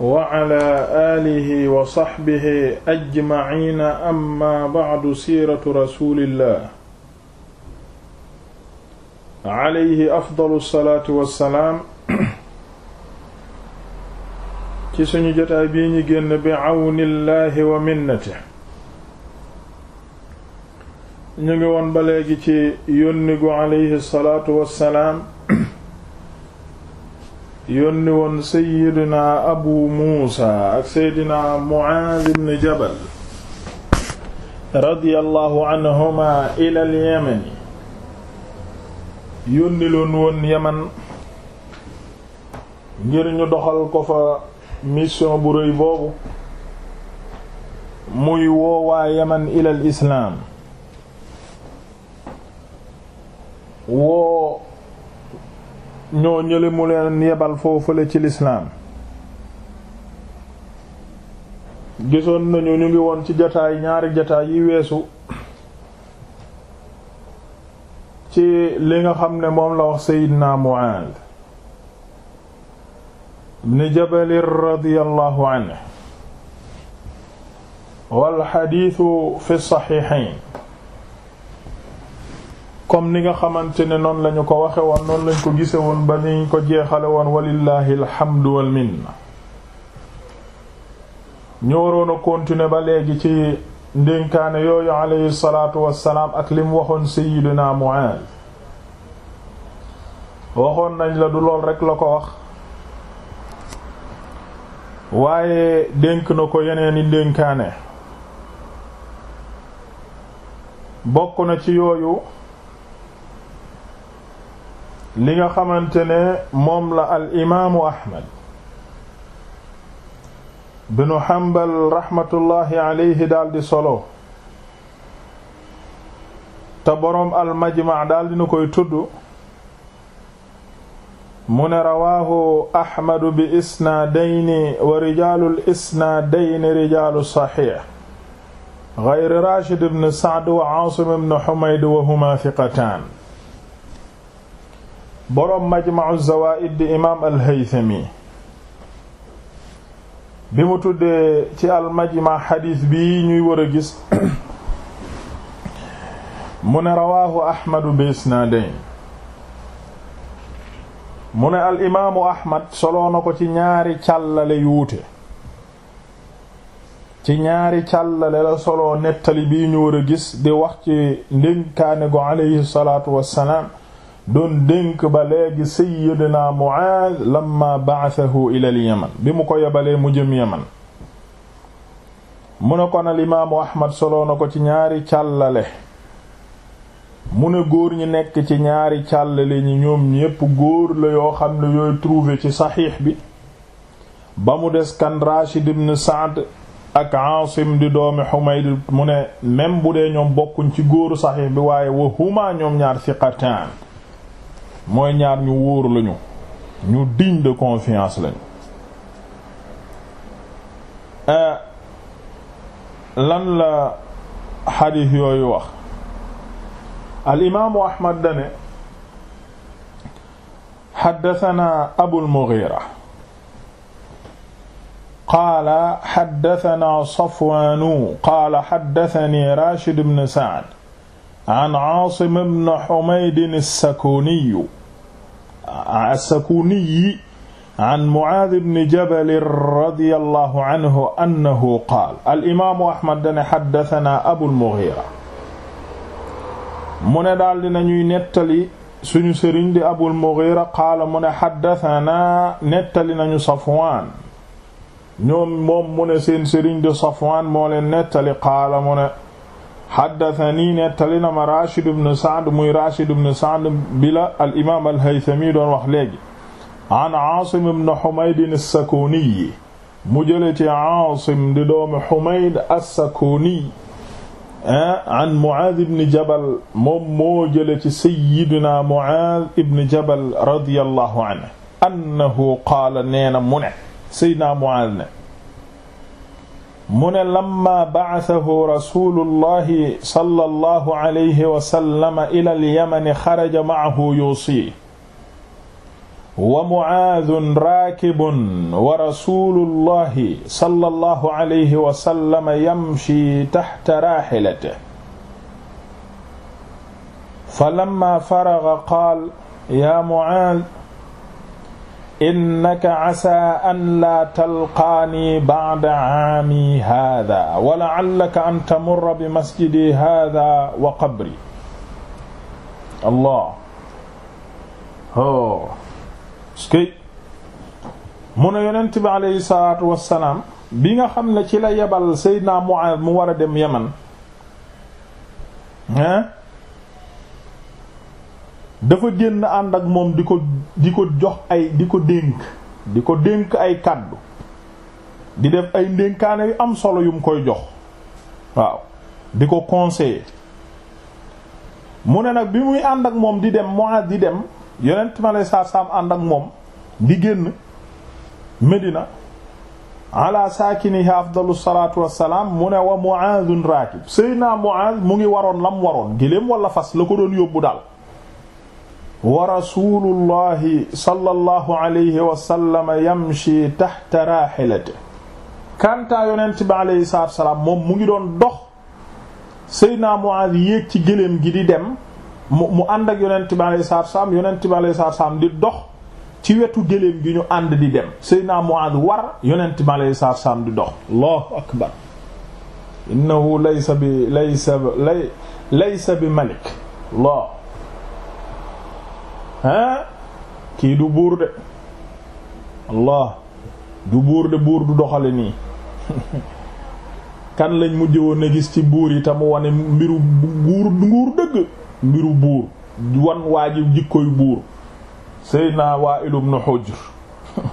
wa cala aalihi wa saxbihi ajmaciina amma bacdu siiratu rasuulillah alayhi ci suñu jotaay bii ñu génn bi cawnillahi wa minnatihi ñu ngi woon ba léegi ci yónni gu alayhi wa salaam yónni seydina abu muusa ak seydina muaaz ibn jabal radiyallahu anhuma ilal yemeni yónni loon woon yeman ngir doxal ko fa mission bu boobu muy woowaa yeman ilal islaam woo ñoo ñële mu leen yebal foofule ci lislaam gisoon nañu ñu ngi woon ci jataay ñaari jataay yi weesu ci li nga xam ne moom la wax Seydina Mu'aaz ibn Jabal radiyallahu anhu wal xadiisu fi saxiixayn comme ni nga xamante ne noonu lañu ko waxe woon noonu lañu ko gise woon ba niñ ko jeexale woon walillahi alhamdu wal minna ñu waroon a continuer ba léegi ci ndénkaane yooyu alayhi salaatu wassalaam ak lim waxoon sayyidina Mu'aaz waxoon nañ la du lool rekk la ko wax waaye dénk na ko yeneeni ndénkaane bokk na ci yooyu li nga xamante ne moom la al imaamu ahmad binu Hanbal raxmatullaahi aleyhi daldi solo te boroom al majma daldi na koy tudd mu ne rawaahu ahmadu bi isnaadayni wa rijaalul isnaadayni rijaalu saxiix gayri Rashid ibn Sa'd wa Aasim ibn Humayd wa humaa thiqataan boroom majma'u zawaa'id di imaam al-Haythami bi mu tuddee ci al-majma' xadiis bi ñuy war a gis mu ne rawaahu ahmadu bi isnaadayn mu al imaamu ahmad soloo na ko ci ñaari càllale yu wuute ci ñaari càllale la solo nettali bi ñu war a gis di wax ci ndénkaane gu aleyhi salaatu wassalaam doon dénk ba léegi sayyidina Mu'aaz lamma ba'athahu ila al-Yaman bi mu ko yebalee mu jëm Yaman mune ne kon al imaamu Ahmad soloo na ko ci ñaari càllale mu ne góor ñi nekk ci ñaari càllale ñi ñoom ñépp góor la yoo xam ne yooy trouvé ci saxiix bi ba mu des kan Rashid ibn Sa'd ak Aasim di doomi Humayd mu ne même bu dee ñoom bokkuñ ci góoru saxiix bi waaye wa huma ñoom ñaar siqataan mooy ñaar ñu wóor lañu ñu digne de confiance lañu euh, lan la xadiis yooyu wax al imaamu ahmad dane xaddasanaa rashid bn saad an aasim bn xumaydin as as-Sakuniyi an Muaaz ibn Jabal radiyallahu anhu annahu qaala al-imaamu Ahmad dane haddathanaa Abul Mughiira mu ne daal dinañuy nettali suñu sëriñ di Abul Mughiira qaala mu ne haddathanaa nettali nañu Safwaan ñoom moom mu ne seen sëriñ di Safwaan moo leen nettali qaala mu xaddatani nettali na ma Rashid ibn Sa'd muy Rashid ibn Sa'd bi la al imaam al Haythami doon wax léegi an Aasim ibn Humayd as-Sakuni mu jële ci Aasim di doomu Humayd as-Sakuni ah, an Mu'aaz ibn Jabal moom moo jële ci sayyidina Mu'aaz ibn Jabal radiyallahu anhu annahu qaala nee na mu ne sayyidina Mu'aaz ne mu ne lamma ba'athahu rasulullahi sallallahu alayhi wa sallam ila al-yaman xaraja ma'ahu yuusi wa mucaadun raakibun wa rasulullahi sallallahu alayhi wa sallam yamshi taxta raaxilatihi falamma faraga qaala yaa mucaad innaka asa an laa talqaani ba'da aami haada wa la'allaka an tamurra bi masjidi haada wa qabri allah o skey mu ne yonent bi aleyhi salaatu wassalaam bi nga xam ne ci la yebal Seydina Muaaz mu war a dem Yaman hein dafa génn ànd ak moom di ko di ko jox ay di ko dénk di ko dénk ay kàddu di def ay ndénkaane yu am solo yum koy jox waaw di ko conseiller mu ne nag bi muy ànd ak moom di dem Muaad di dem yonent ma lay saar saam ànd ak moom di génn Medina ala saakinihi afdalu salaatu wassalaam mu ne wa Muaadun raakib naa Muaad mu ngi waroon lam waroon géléem walla fas la ko doon yóbbu daal wa rasulullahi sallallahu alayhi wa sallam yamshi taxta raaxilate kantaa yonent bi alayhi salaatu wasalaam moom mu ngi doon dox Seydina Muaaz yéeg ci gëléem gi di dem mu mu ànd ak yonent bi alayhi salaatu wasalaam yonent bi di dox ci wetu gëléem gi ñu ànd di dem Seydina Muaaz war yonent bi alayhi salaatu di dox Allahu akbar innahu laysa bi laysa bi malik Allah ah kii du buur de allah du buur de buur du doxale nii kan lañ mujj woon a gis ci buur yi te mu wane mbiru nguur dëgg mbiru buur wan waa ji jikkoy buur Seydina Wa'il ibn Hujr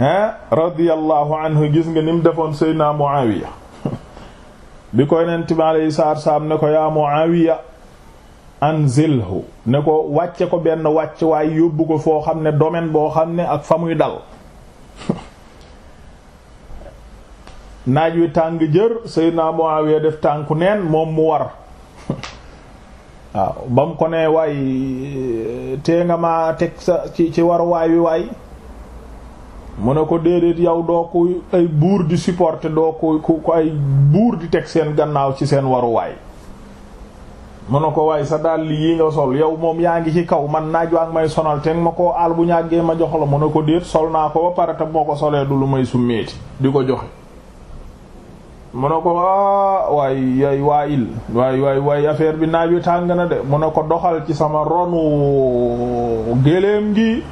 hein radiyallahu anhu gis nga ni mu defoon Seydina Muawiya bi koy nent bi alayhi salaam ne ko yaa Muawiya anzilhu ne ko wàcce ko benn wàcc waaye yóbbu ko foo xam ne domaine boo xam ne ak fa muy dal naaj wi tàng jër Seydina Muawiya def tànku neen moom mu war waaw ba ko ne waay tee nga maa teg sa ci ci wi waay mu ne ko déedéet yow doo ko ay buur di supporter doo ko ko ay buur di teg seen gannaaw ci seen waruwaay mu ne ko waaye sa dàll yii nga sol yow moom yaa ngi ci kaw man naaj waa ngi may sonal te ma ko aal bu ñàggee ma jox la mu na ko déet sol naa ko ba pare te moo ko solee du lu may summeeti di ko joxe mu ne ko waay waay waay waay affaire bi naaj wi tàng na de mu ne ko doxal ci sama ronu géléem gi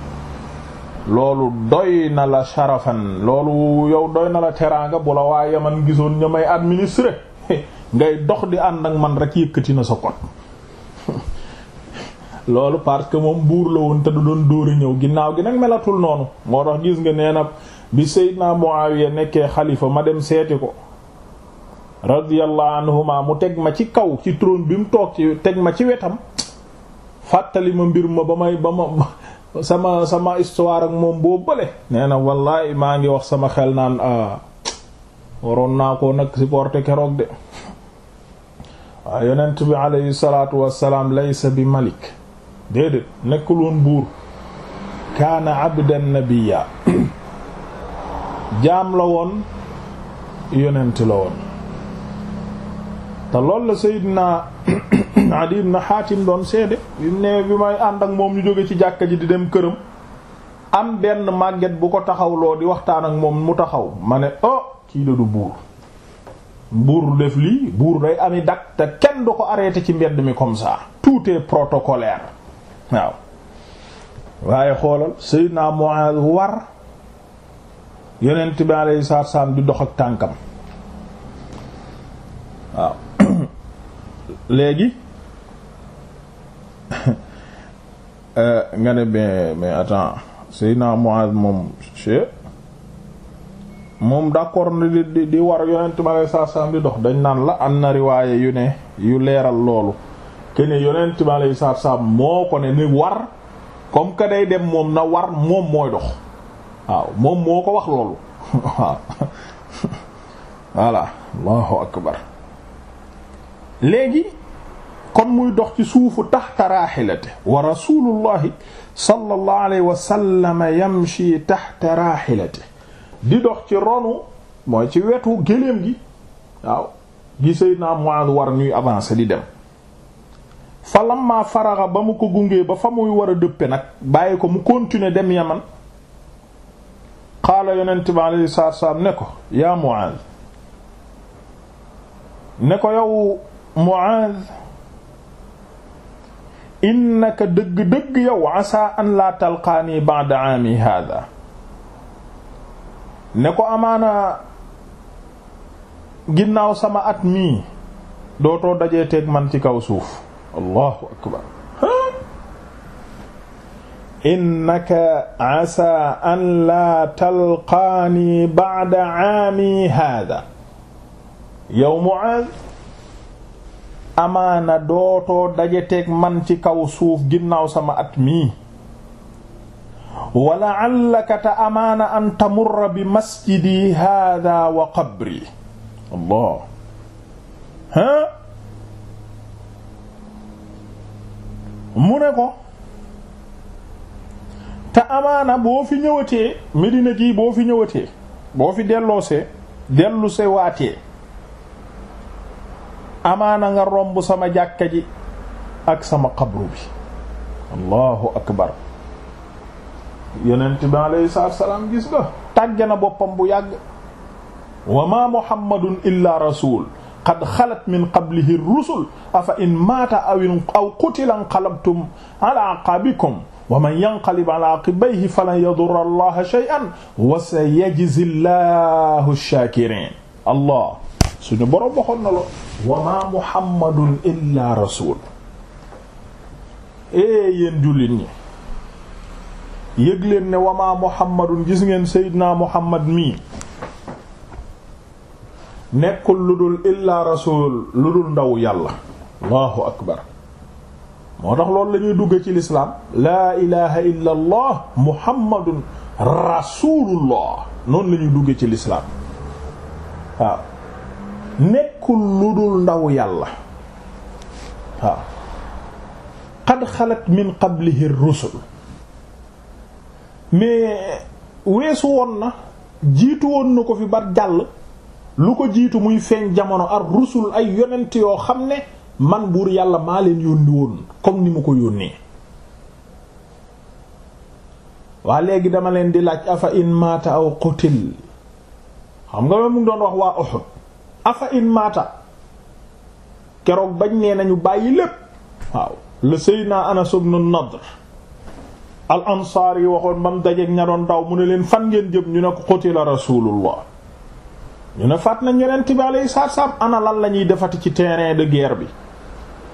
loolu doy na la sharafan loolu yow doy na la teraanga bu la waa yaman gisoon ña may administrer ngay dox di ànd ak man rek yëkkati na sa kot loolu parce que moom buur la woon te du doon dóori ñëw ginnaaw gi nag melatul noonu moo tax gis nga nee na bi Seydina Muawiya nekkee xalifa ma dem seeti ko radiyallahu anhuma mu teg ma ci kaw ci trône bi mu toog ci teg ma ci wetam fàttali ma mbir ma ba may ba ma sama sama histoire ak moom boo bële nee na wallaay maa ngi wax sama xel naan ah, waroon naa ko nag supporter keroog de waaw yonent bi alayhi salaatu wassalaam laysa bi malik déedéet nekkul woon buur kaana abdan nabiyya jaam la woon yonent la woon te loolu la Seydina Adi ibn Hatim doon seede bi mu bi may ànd ak moom ñu jóge ci jàkka ji di dem këram am benn màgget bu ko taxawloo di waxtaan ak moom mu taxaw ma ne oh kii du buur buur def lii buur day ami dak te kenn du ko arrêté ci mbedd mi comme ça tout est protocolaire waaw waaye xoolal Seydina Muaz war yonent bi alayhi salaatu salaam dox ak tànkam waaw léegi euh, nga mais mais attends Seydina Muaz moom che moom d'accord na di war yonent mi aleyhi salaatu salaam di dox dañ naan la am na riwaaye yu ne yu leeral loolu kene yonent mi aleyhi salaatu salaam moo ko ne ni war comme que day dem moom na war moom mooy dox waaw moom moo ko wax loolu waaw allahu akbar léegi kon muy dox ci suufu taxta raaxilate wa rasulullahi sallallahu alayhi wa sallam yamshi taxta raaxilate di dox ci ronu mooy ci wetu géléem gi waaw gi Seydina Muaad war ñuy avancer di dem fa lamma faraxa ba mu ko gungee ba fa muy war a dëpp nag bàyyi ko mu continuer dem Yaman qaala yonent bi alayhi salaatu salaam ne ko yaa Muaaz ne ko yow Muaaz innaka dëgg-dëgg yow asaa an laa talqaanii ba'da aami haadaa ne ko amaana ginnaaw sama at mii dootoo dajee teeg man ci kaw suuf allahu akbar innaka asaa an laa talqaani ba'da aami haada yow Mu'aaz amaana dootoo dajeteeg man ci kaw suuf ginnaaw sama at mii wa la'allaka ta amaana an tamurra bi masjidi haadaa wa qabri allah ha mu ne ko te amaana boo fi ñëwatee Medina gii boo fi ñëwatee boo fi delloosee dellu se amaana nga romb sama jàkka ji ak sama xabru bi allahu akbar yonent bi alayhi salaatu salaam gis nga tàgge na boppam bu yàgg wa ma muhammadun illa rasul qad xalat min qablihi rusul afa in maata aw aw qutila inqalabtum ala aqaabikum wa man yanqalib ala aqibayhi falan yadurra allaha shay'an wa sayajzi allahu ash-shaakiriin allah suñu boroom waxoon na lo wa ma muhammadun illa rasul e yéen jullit ñi yëg ne wamaa muhammadun gis ngeen seydinaa muhammad mii nekkul lu dul illaa rasul lu dul ndaw yàlla allahu akbar moo tax loolu lañuy dugge ci lislaam laa ilaha illa allah muhammadun rasulullah noonu la ci lislaam nekkul lu dul ndaw yàlla waaw qad xalat min qablihi rusul mais weesu woon na jiitu woon na ko fi ba jàll lu ko jiitu muy feeñ jamono ar rusul ay yonent yoo xam ne man buur yàlla maa leen yónni woon comme ni mu ko yónnee waa léegi dama leen di laaj afa in maata aw qutil xam nga mu ngi doon wax waa Uhud afa in maata keroog bañ nee nañu bàyyi lépp waaw le Seydina Anas ibn Nadr al ansaar yi waxoon ba mu dajeek ña doon daw mu ne leen fan ngeen jëm ñu ne ko qutila rasulullah ñu ne faat nañ yeneen tibaale yi saab saab ana lan la ñuy defati ci terrain de guerre bi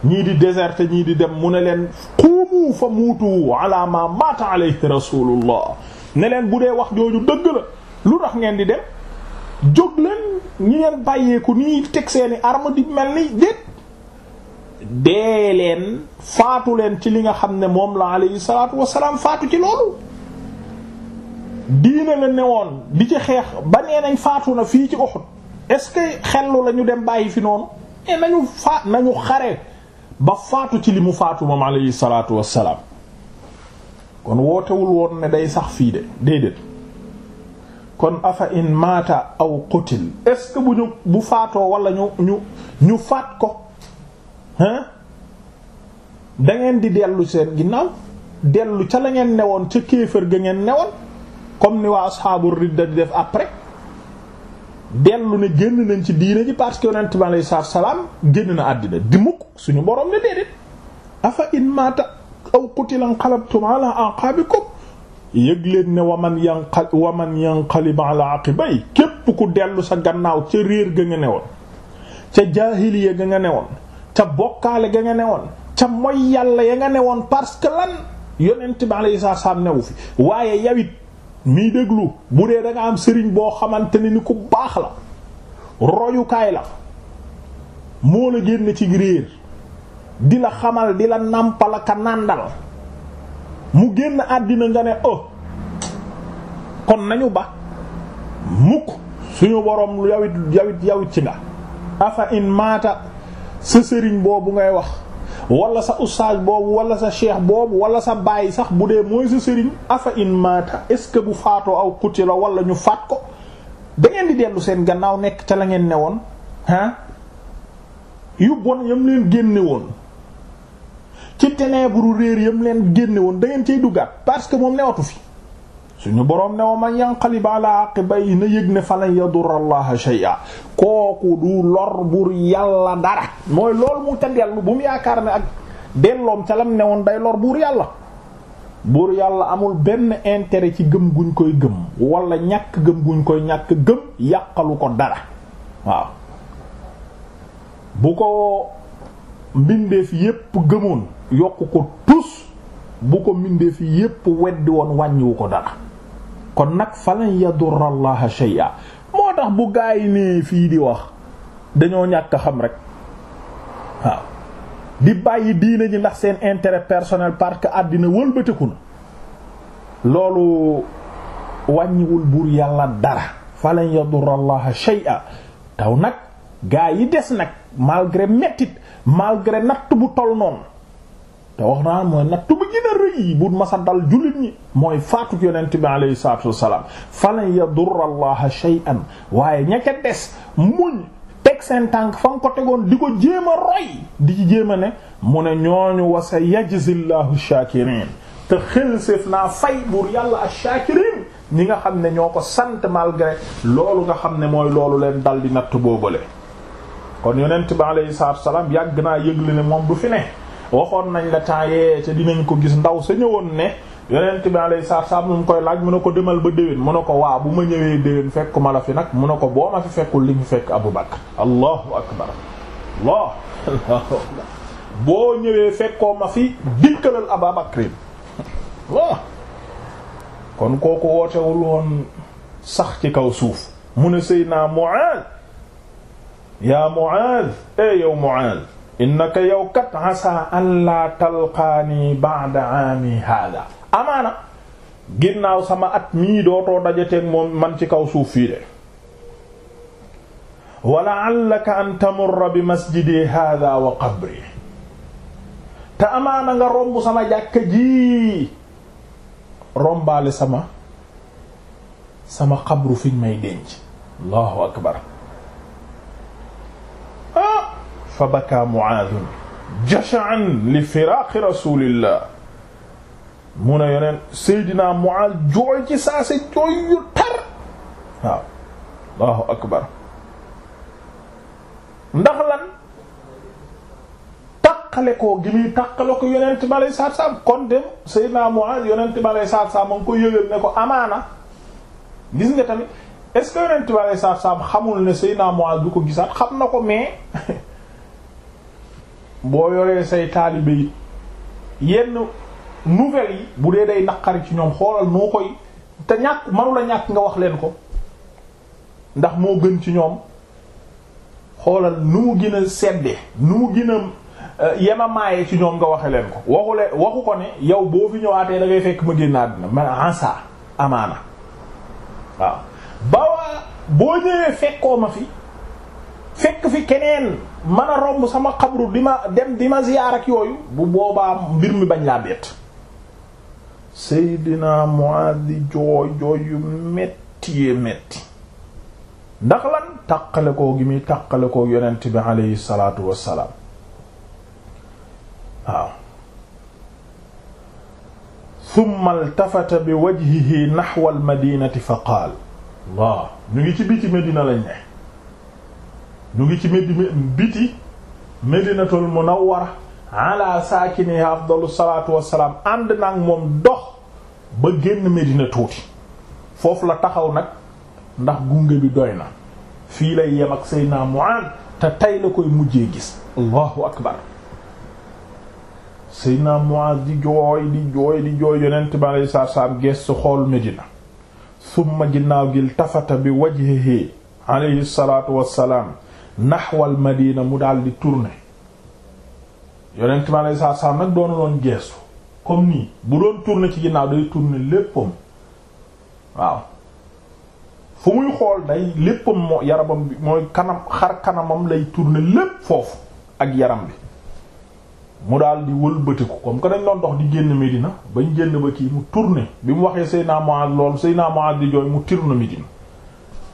ñii di déserté ñii di dem mu ne leen xuumu fa muutu ala ma mata alayhi rasulullah ne leen bu dee wax jooju dëgg la lu tax ngeen di dem jóg leen ñu ngeen bàyyeeku nii teg seeni arme di mel ni déet dee leen faatu leen ci li nga xam ne moom la alayhi salaatu wasalaam faatu ci loolu diine la woon di ci xeex ba nee nañ faatu na fii ci Uhud est-ce que xellu la dem bàyyi fi noonu e nañu faat nañu xare ba faatu ci li mu faatu moom alayhi salaatu wasalaam kon wootewul woon ne day sax fii de déedéet kon afa in maata aw qutil est-ce que bu ñu bu faatoo wala ñu ñu ñu faat ko da ngeen di dellu seen ginnaaw dellu ca la ngeen newoon ca kéefër ga ngeen newoon comme ni waa asxaabu ridda di def après dellu ne génn nañ ci diine ji parce que yonent bi alayhi salaatu salaam génn na àddina di mukk suñu boroom ne déedéet afa in maata aw qutila inqalabtum ala aqaabikum yëg leen ne waman yanqal waman yanqalib ala aqibay képp ku dellu sa gannaaw ca réer ga nga newoon ca jaahiliya ga nga newoon ca bokkaale ga nga ne newoon ca moy yàlla ya nga ne woon parce que lan yonent bi alayhi salaam newu fi waaye yawit mii déglu bu dee da am sëriñ boo xamante ne ni ku baax la royukaay la moo la génn ci gréer di la xamal di la nàmpalaka nàndal mu génn àddina nga ne oh, kon nañu ba mukk suñu boroom yawit yawit yawit ci nga afa in maata sa sëriñ boobu ngay wax wala sa ustaaj boobu wala sa cheikh boobu wala sa baay sax bu dee mooy sa sëriñ afa in mata est-ce que bu faatoo aw la wala ñu faat ko da ngeen di dellu seen gannaaw nekk ca la ngeen newoon ah yu bon yam leen génne woon ci ténèbre réer yam leen génne woon da ngeen cay duggaat parce que moom newatu fi suñu boroom ne wa man yanqalib ala aqibayhi na yëg ne falan yadurrallaha shay'a kooku du lor bur yàlla dara mooy loolu mu ca dellu bu yaakaar ne ak delloom ca lam ne day lor buur yàlla buur yàlla amul benn intérêt ci gëm guñ koy gëm wala ñàkk gëm guñ koy ñàkk gëm yàqalu ko dara waaw bu ko mbindeef yépp gëmoon yokk ko tus bu ko mbindeef yépp weddi woon wàññiwu ko dara kon nag falan yadurra allaha shay'a moo tax bu gaa yi nee fii di wax dañoo ñàkk xam rek waaw di bàyyi diine ji ndax seen intérêt personnel parce que àddina wëlbatiku na loolu wàññiwul buur yàlla dara falan yadurra allaha shay'a taw nag gaa yi des nag malgré mettit malgré natt bu tol noonu te wax naa mooy natt bu rëy bu ma sa dal jullit ñi mooy faatuk yonent bi alayhi salaatu wassalaam falan yadurra allaha shay'an waaye ña ca des muñ teg seen tànk fa nga ko tegoon di ko jéem roy di ci jéem a ne mu ne ñooñu wa sa yajzi llahu shaakiriin te xel séef naa fay buur yàlla ash-shaakiriin ñi nga xam ne ñoo ko sant malgré loolu nga xam ne mooy loolu leen dal di natt boobale kon yonent bi alayhi yàgg naa yëgle ne moom du fi ne waxoon nañ la temps yee ca dinañ ko gis ndaw sa ñëwoon ne yonent bi alayhi salaam mu ngi koy laaj mu ne ko demal ba déwén mu ne ko waa bu ma ñëwee déwén fekkuma la fi nag mu ne ko boo ma fi li ñu fekk Abu Bakar allahu akbar allah boo ñëwee fekkoo ma fi dikkalal Abu Bakrin kon kooku wootewul woon sax ci kaw suuf mu ne Seydina Mu'aaz yaa Mu'aaz eh yow Mu'aaz innaka yow kat asa an talqaani ba'da aami hada amaana ginnaaw sama at mii dootoo dajateeg moom man ci kaw suuf fii de wa la'allaka an tamurra bi masjidi hada wa qabri te amaana nga romb sama jàkka ji rombaale sama sama xabru fiñ may denc allahu akbar fa baka muaadun jasha'an li firaaqi rasulillah mu ne yoneen seydina muaaz jooy ci saa si jooy tar waaw allahu akbar ndax lan taqale koo gi muy taqale ko yonent bi alay saat saam kon dem seydina muaaz yonent bi alay saat saam ma ngi ko yëgal ne ko amaana gis nga tamit est-ce que yonent bi saat saam xamul ne seydina muaaz du ko gisaat xam na ko mais boo yoree say taalibe yi yenn nouvelles yi bu dee day naqari ci ñoom xoolal noo koy te ñàkk manu la ñàkk nga wax leen ko ndax moo gën ci ñoom xoolal nu mu gën a sedde nu mu gën a euh, yemamaaye ci ñoom nga waxe leen ko waxule waxu ko ne yow boo fi ñëwaatee da ngay fekk ma génn àddina man ansa amaana waaw bawaa boo ñëwee fekkoo ma fi fekk fi keneen man a romb sama xabru di ma dem di ma ziyaar yooyu bu boobaa mbir mi bañ laa bett Seydina Muaaz di jooy jooy yu metti yee metti ndax lan tàqale koo gi muy tàqale koo yonent bi aleyhi salaatu wassalaam waaw thumma altafata bi wajhihi naxwa almadinati fa qaal Allah ngi ci biti Medina lañ ne ñu ngi ci médi biti Medinatul Munawwara ala saakiniha afdalu salaatu wassalaam ànd nag moom dox ba génn Medina foofu la taxaw nag ndax gunge bi doy na fii lay yem ak Seydina Muaad te tey la koy mujjee gis allahu akbar Seydina Muaad di jooy di jooy di jooy yonent bi alayhi salaatu wassalaam geestu xool Medina summa ginnaaw gi tafata bi wajhihi alayhi salaatu wassalaam naxwal madina mu daal di turne yonent ma lay saa saa nag doonu geestu comme nii bu doon tourner ci ginnaaw day tourner léppam waaw fu muy xool day léppam moo yaramam bi mooy kanam xar kanamam lay tourner lépp foofu ak yaram bi mu daal di wëlbatiku comme que dañ dox di génn Medina bañ génn ba kii mu tourner bi mu waxee Seyna Mu'adh lool Seyna Mu'adh di jooy mu tourner Medina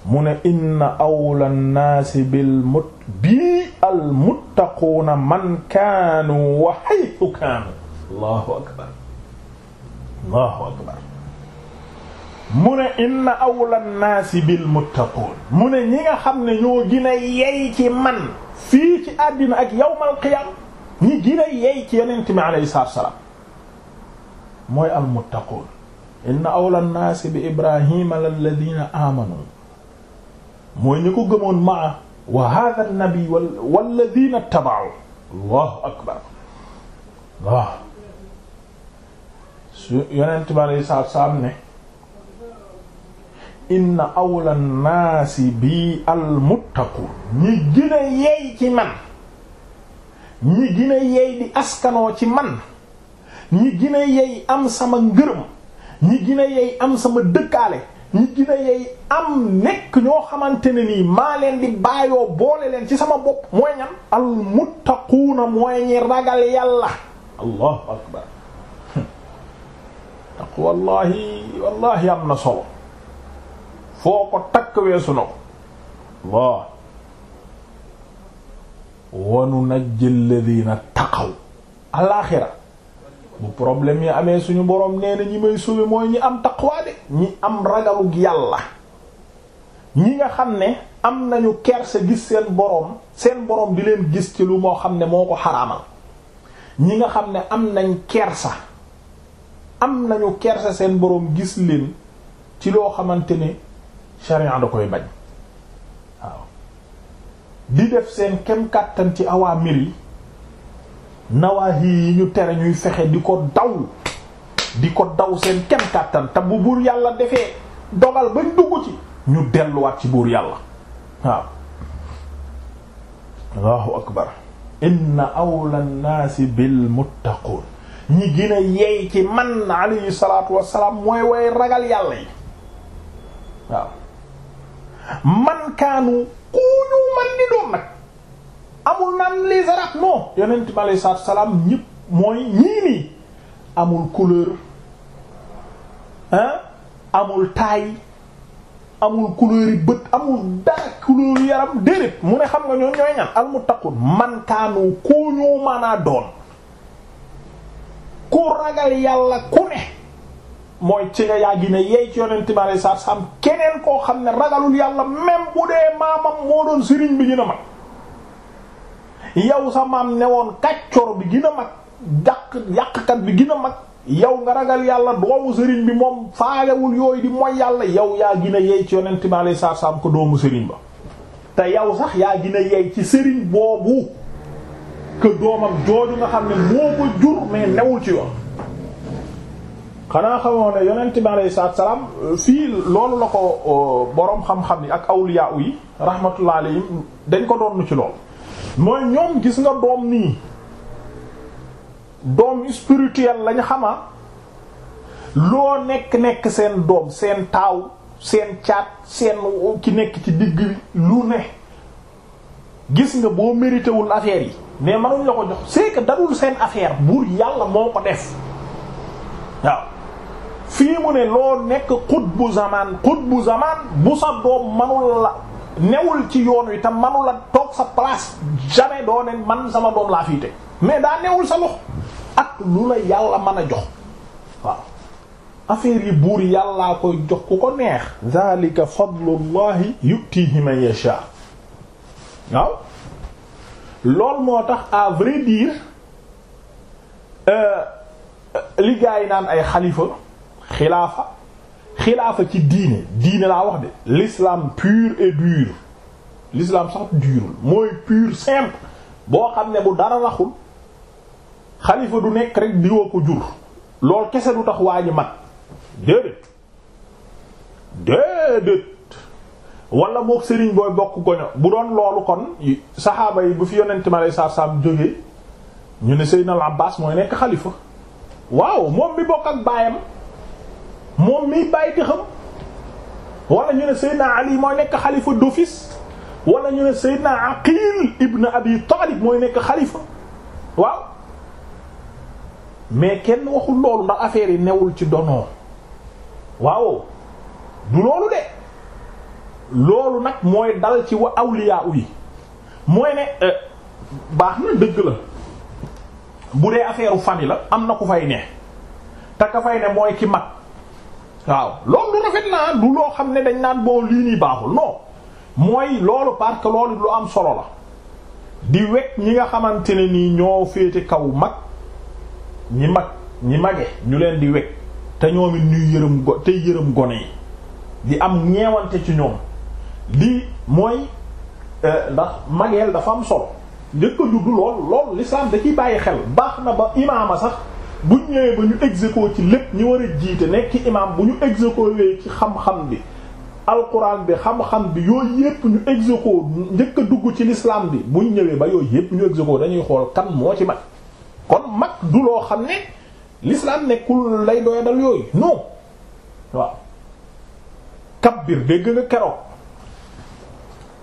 mu ne inna awla nnaasi bil mut bii al muttaquuna man kaanu wa haythu kaanu allahu akbar allahu akbar mu ne inna awla nnaasi bil muttaquun mu ne ñi nga xam ne ñoo gën a yey ci man fii ci àddina ak yawmal qiyaama ñi gën a yey ci yonent mi alayhi salaatu wa salaam mooy al muttaquun inna awla nnaasi bi ibrahima lalladina amanu mooy ñi ko gëmoon maa wa hadha an-nabi walladhina taba'u allahu akbar waaw su yonent bi alei saatu salaam ne inna awla an-naasi bi al-muttaqun ñi gën a yey ci man ñi gën a yey di askanoo ci man ñi gën a yey am sama ngërëm ñi gën a yey am sama dëkkaale ñi gina yey am nekk ñoo xamante ne nii maa leen di baayoo boole leen ci sama bopp mooy ñan al muttaquuna mooy ragal yàlla allahu akbar taq wallahi wallahi am na solo foo ko takk weesu na ko allah wa nunajji alladhina taqaw alaaxira bu yi amee suñu borom nee na ñi may sauver mooy ñi am taqwa de ñi am ragalug yàlla ñi nga xam ne am nañu kersa gis seen seen borom di leen gis ci lu moo xam ne moo ko xaraamal ñi nga xam ne am nañ kersa am nañu kersa seen boroom gis leen ci loo xamante ne sharia da koy bañ waaw di def seen kem kàttan ci awaamir yi nawaahi yi ñu tere ñuy fexe di ko daw di ko daw seen kem kàttan te bu buur yàlla defee dogal bañ dugg ci ñu delluwaat ci buur yàlla waaw allahu akbar inna awla nnaasi bil muttaqun ñi gën a yey ci man alayhi salatu wasalaam mooy way ragal yàlla yi waaw man kaanu ku ñu man ni nag amul naan les arabes non yonent bi aleyhi salaam ñëpp mooy ñii nii amul couleur hein amul taille amul couleur yi bët amul dara couleur yaram déedéet mu ne xam nga ñoon ñooy ñan almuttaqun man kaanu koo ñoo maanaa doon ku ragal yàlla ku ne mooy ci nga yaa gi ne ci yonent bi aleyhi salaam keneen koo xam ne ragalul yàlla même bu dee maamam moo doon sëriñ bi gën a mag yow sa maam ne woon kàccor bi gën a mag yàq yàqkat bi gën a mag yow nga ragal yàlla doomu sëriñ bi moom faalewul yooyu di mooy yàlla yow yaa gën a yeey ci yonent bi alayhi salaatu salaam ko doomu sëriñ ba te yow sax yaa gën yeey ci sëriñ boobu que doomam jooju nga xam ne moo ko jur mais newul ci yoon xanaa xamoo ne yonent bi alayhi salaatu salaam fii loolu la ko euh, boroom xam-xam yi ak awliya yi rahmatullah alayhim dañ ko doon ci lool mooy ñoom gis nga doom nii doom spirituel lañ xama loo nekk-nekk seen doom seen taaw seen caat seen ki nekk ci digg bi lu ne gis nga boo mérité wul affaire yi mais mënuñ la ko jox c'est darul seen affaire buur yàlla moo ko def waaw fii mu ne loo nekk xutbu zaman xutbu zaman bu sa doom manul la newul ci yoon wi te manu la toog sa place jamais doo man sama doom laa fiite mais daa newul sa lox ak lu la yàlla mën a jox waaw affaire yi buur yàllaa koy jox ku ko neex zalika fadlullahi yutihi man yasha waaw loolu moo tax à vrai dire euh, li yi naan ay xalifa xilaafa xilaafa ci diine diine laa wax de lislaam pur et dur l'islam sax durul mooy pur simple boo xam ne bu dara raxul xalifa du nekk rek di ko jur lool kese du tax waa ji mat déedéet déedéet wala moog sëriñ booy bokk goño bu doon loolu kon saxaaba yi bu fi yonent ma lay saar saam jógee ñu ne Seydina Al Abbaas mooy nekk xalifa waaw moom mi bokk ak baayam moom miy bàyyi xam wala ñu ne Seydina Ali mooy nekk xalifa d'office walla ñu ne Seydina Aqil ibn Abi Talib mooy nekk xalifa waaw mais kenn waxul loolu ndax affaire yi newul ci donoo waaw du loolu de loolu nag mooy dal ci wa awliya yi mooy ne euh, baax na dëgg la bu dee affaire famille la am na ku fay ne te fay ne mooy ki mag. waaw loolu loo xam ne dañ naan boo lii nii baaxul mooy loolu parce lu am solo la di wekk ñi nga xamante ne nii ñoo féete kaw mag ñi mag ñi mage ñu leen di wekk te ñoom it ñuy yërëm gone di am ñeewante ci ñoom di mooy euh, ndax mageel dafa am solo njëkk a juddu lool lool l'islam bàyyi xel baax na ba imaama sax bu ñëwee ba ñu exéco ci lépp ñu war a jiite nekk imam bu ñu exéco wee ci xam-xam bi alquran bi xam-xam bi yooyu yépp ñu exéco njëkk a dugg ci l'islam bi buñ ñëwee ba yooyu yépp ñu exéco dañuy xool kan moo ci mag kon mag du xam ne l'islam nekkul lay doya dal yooyu non waaw kabbir dégg nga keroog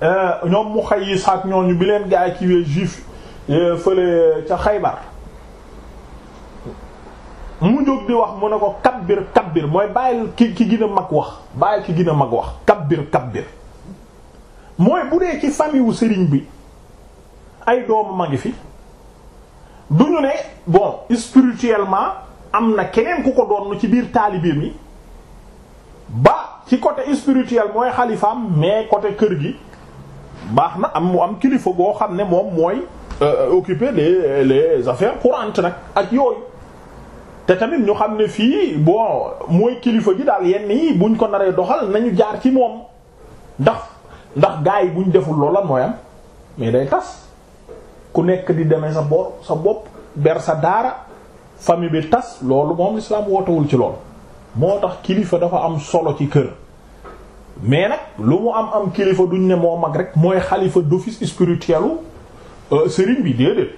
euh, ñoom mu xay yi saak ñooñu bi leen gaay ci wee juif euh, fële ca Xaybar mu jóg di wax mu ne ko kabbir kabbir mooy bàyyil ki ki gën mag wax bàyyil ki gën a mag wax kabbir kabbir mooy bu dee ci famille sëriñ bi ay doomu ma fi du ñu ne bon spirituellement am na keneen ku ko doon ci biir taalibeem yi ba ci côté spirituel mooy xalifaam mais côté kër gi baax na am mu am kilifa goo xam ne moom mooy euh, occuper les les affaires courantes nag ak yooyu te tamit ñu xam ne fii bon mooy kilifa gi daal yenn yi buñ ko naree doxal nañu jaar ci moom ndax ndax gaa yi buñ deful loola mooy am mais day tas ku nekk di demee sa bo sa bopp ber sa daara famille bi tas loolu moom lislaam wootewul ci lool moo tax kilifa dafa am solo ci kër mais nag lu mu am am kilifa duñ ne moo mag rek mooy xalifa d'office spirituel u euh, sëriñ bi déedéet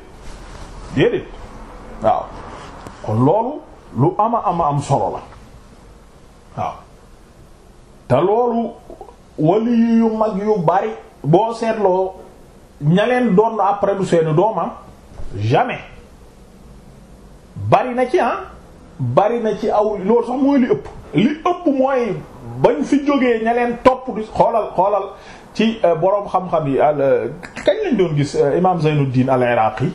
déedéet waaw kon loolu lu ama ama am solo la waaw te loolu wali yu mag yu bari boo seetloo ña leen doon après lu seeni doomam jamais bari na ci ah bari na ci aw loolu sax mooy li ëpp li ëpp mooy bañ fi jógee ña topp di xoolal xoolal ci euh, boroom xam-xam yi al euh, kañ lañ doon gis euh, imaam Zaynuddin al-Iraqi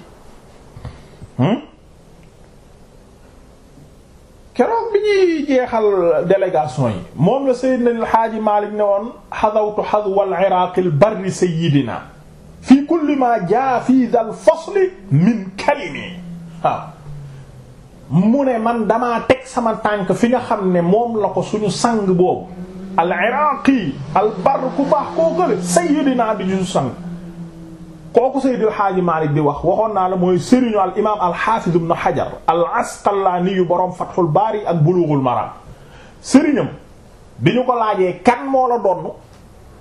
hmm? keroog bi ñuy jeexal délégation yi moom la Seydina El Hadji Malick ne woon xadawtu xadwal Iraaqil barri Seydina fii kulli maa jaa fii dal fasli min kalimi waaw mu ne man damaa teg sama tànk fi nga xam ne moom la ko suñu sang boobu al Iraaqi al barr ku baax koo gële Seydina bi ñu sang. kooku Seydil Xaaji Maalik di wax waxoon naa la mooy sëriñu al imaam al xaafiz ibn Hajar al Asqalaani yu boroom Fathul Baari ak Bulughul Maraam sëriñam bi ñu ko laajee kan moo la doon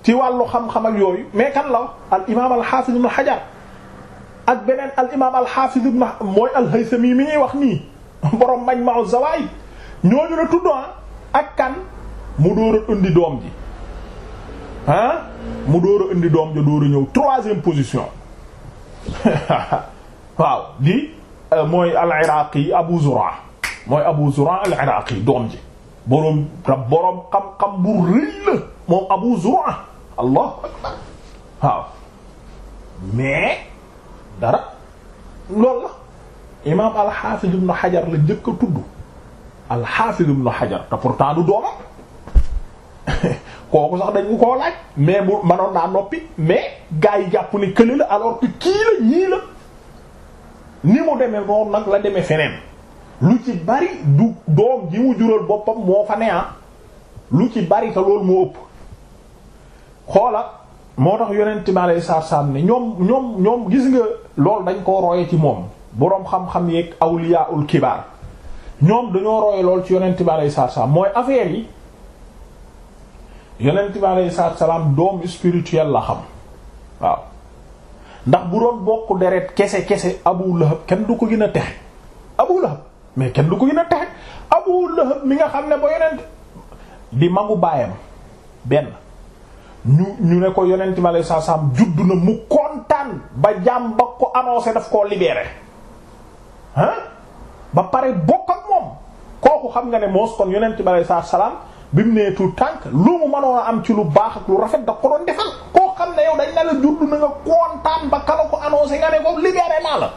ci wàllu xam-xam ak yooyu mais kan la al imaam al xaafiz ak beneen al imaam al xaafiz ibn mooy al Haythami mi ñuy wax nii boroom Majma'u Zawaa'id ñooñu la tudd ah, ak kan mu door a indi doom ji. ah mu door indi doom ja door a ñëw troisième position waaw di euh, mooy al-Iraqi Abu Zura mooy Abu Zura al-Iraqi doom ji boroom rab boroom xam-xam bu rëy la Abu Zura allahu akbar waaw mais dara loolu la imaam al-Hafiz ibn Hajar la njëkk a tudd al-Hafiz ibn Hajar te pourtant du doomam kooku sax dañ koo laaj mais bu manoon naa noppi mais gars yi jàpp ni kële la alors que kii la ñii la ni mu demee noonu nag la demee feneen lu ci bari du doom ji mu jural boppam moo fa ne ah lu ci bari te loolu moo ëpp xoola moo tax yonent mi alayhi salaatu salaam ne ñoom ñoom ñoom gis nga loolu dañ koo roye ci moom boroom xam-xam yeeg awliyaa ul kibaar ñoom dañoo roye lool ci yonent mi alayhi mooy affaire yi yonent bi aleyhi salaam doom spirituel la xam waaw ndax bu doon bokk deret kese kese Abu Lahab kenn du ko gën a texe Abu Lahab mais kenn du ko gën a texe Abu Lahab mi nga xam ne ba yonent di magu baayam benn ñu ñu ne ko yonent bi aleyhi salaatu salaam juddu na mu kontaan ba jàmm ba ko annoncé daf koo libéré ah ba pare bokk ak moom kooku xam nga ne moos kon yonent bi aleyhi salaam bi mu nee tuut tànk lu mu mënoon a am ci lu baax ak lu rafet da ko doon defal koo xam ne yow dañ na la juddu na nga kontaan ba kala ko annoncé nga ne ko libéré naa la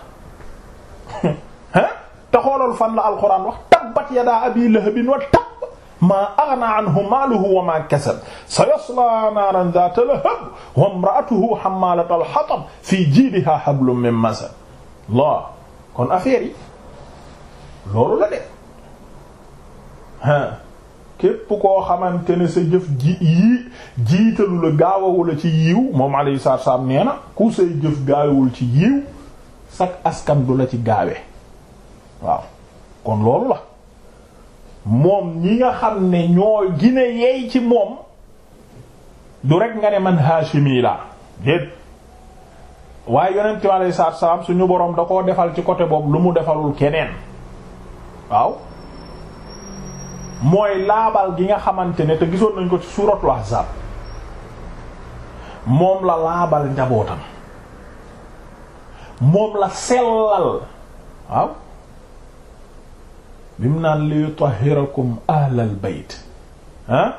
ah te xoolal fan la alxuraan wax tabbat yadaa abi lahabin wa tabb maa aghnaa anhu maaluhu wa maa kasab sayaslaa naaran zaata lahab wa imra'atuhu hammaalatal hatab fii jiidihaa hablum min masad laa kon affaire yi loolu la de ah képp koo xamante ni sa jëf ji yii jiitalu la gaawawula ci yiiw moom alayhi salaatu salaam nee na ku say jëf gaawawul ci yiiw sak askan du la ci gaawe waaw kon loolu la moom ñi nga xam ne ñoo gine yeey ci moom du rek nga ne man haashimi la déet waaye yonent bi alayhi salaatu salaam suñu boroom da koo defal ci côté boobu lu mu defalul keneen waaw mooy laabal gi nga xamante ne te gisoon nañ ko ci suuratul ahzaab moom la laabal njabootam moom la sellal waaw bim naan li yutahhirakum ahlal bayt ah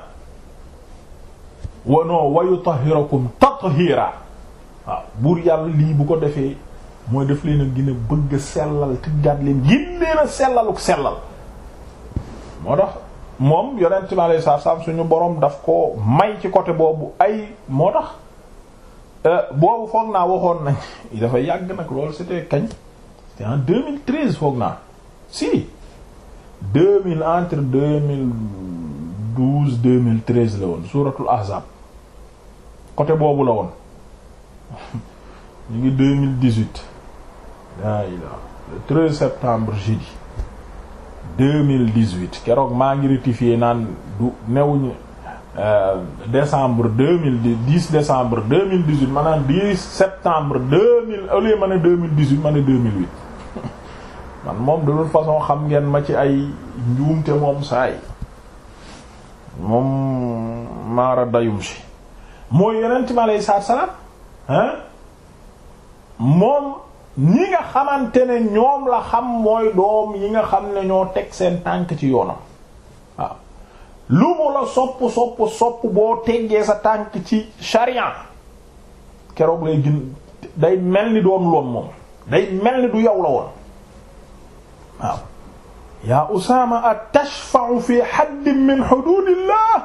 wanoo wa yutahhirakum tathira waaw buur yàlla lii bu ko defee mooy def leen a gën a bëgg sellal tëggaat leen gin leen a sellaluk sellal moo tax moom yonent mi alayhi salaam suñu borom daf ko may ci côté boobu ay moo tax euh, boobu foog naa waxoon nañ dafa yàgg nag loolu c'était kañ c'était en 2013 foog naa si 2000 entre 2012 2013 la woon suuratul ahzab côté boobu la woon ñu ngi 2018 daa ila le 13 septembre jeudi deux mille dix-huit keroog maa ngi rectifier naan du newuñu euh, decembre deux mille dix décembre deux mille dix-huit ma naan dix septembre deux mille au lieu ma ne deux mille dix-huit ma ne deux mille huit moom de toute xam ngeen ma ci ay njuumte moom saay moom maara dayum si mooy yonent mi aleyhi salaatu hein moom ñi nga xamante ne ñoom la xam mooy doom yi nga xam ne ñoo teg seen tànk ci yoonam waaw lu mu la sopp sopp sopp boo teggee sa tànk ci sharia keroog lay gën day mel ni doom loon moom day mel ni du yow la woon waaw yaa Usaama atashfa'u fi haddin min hududillah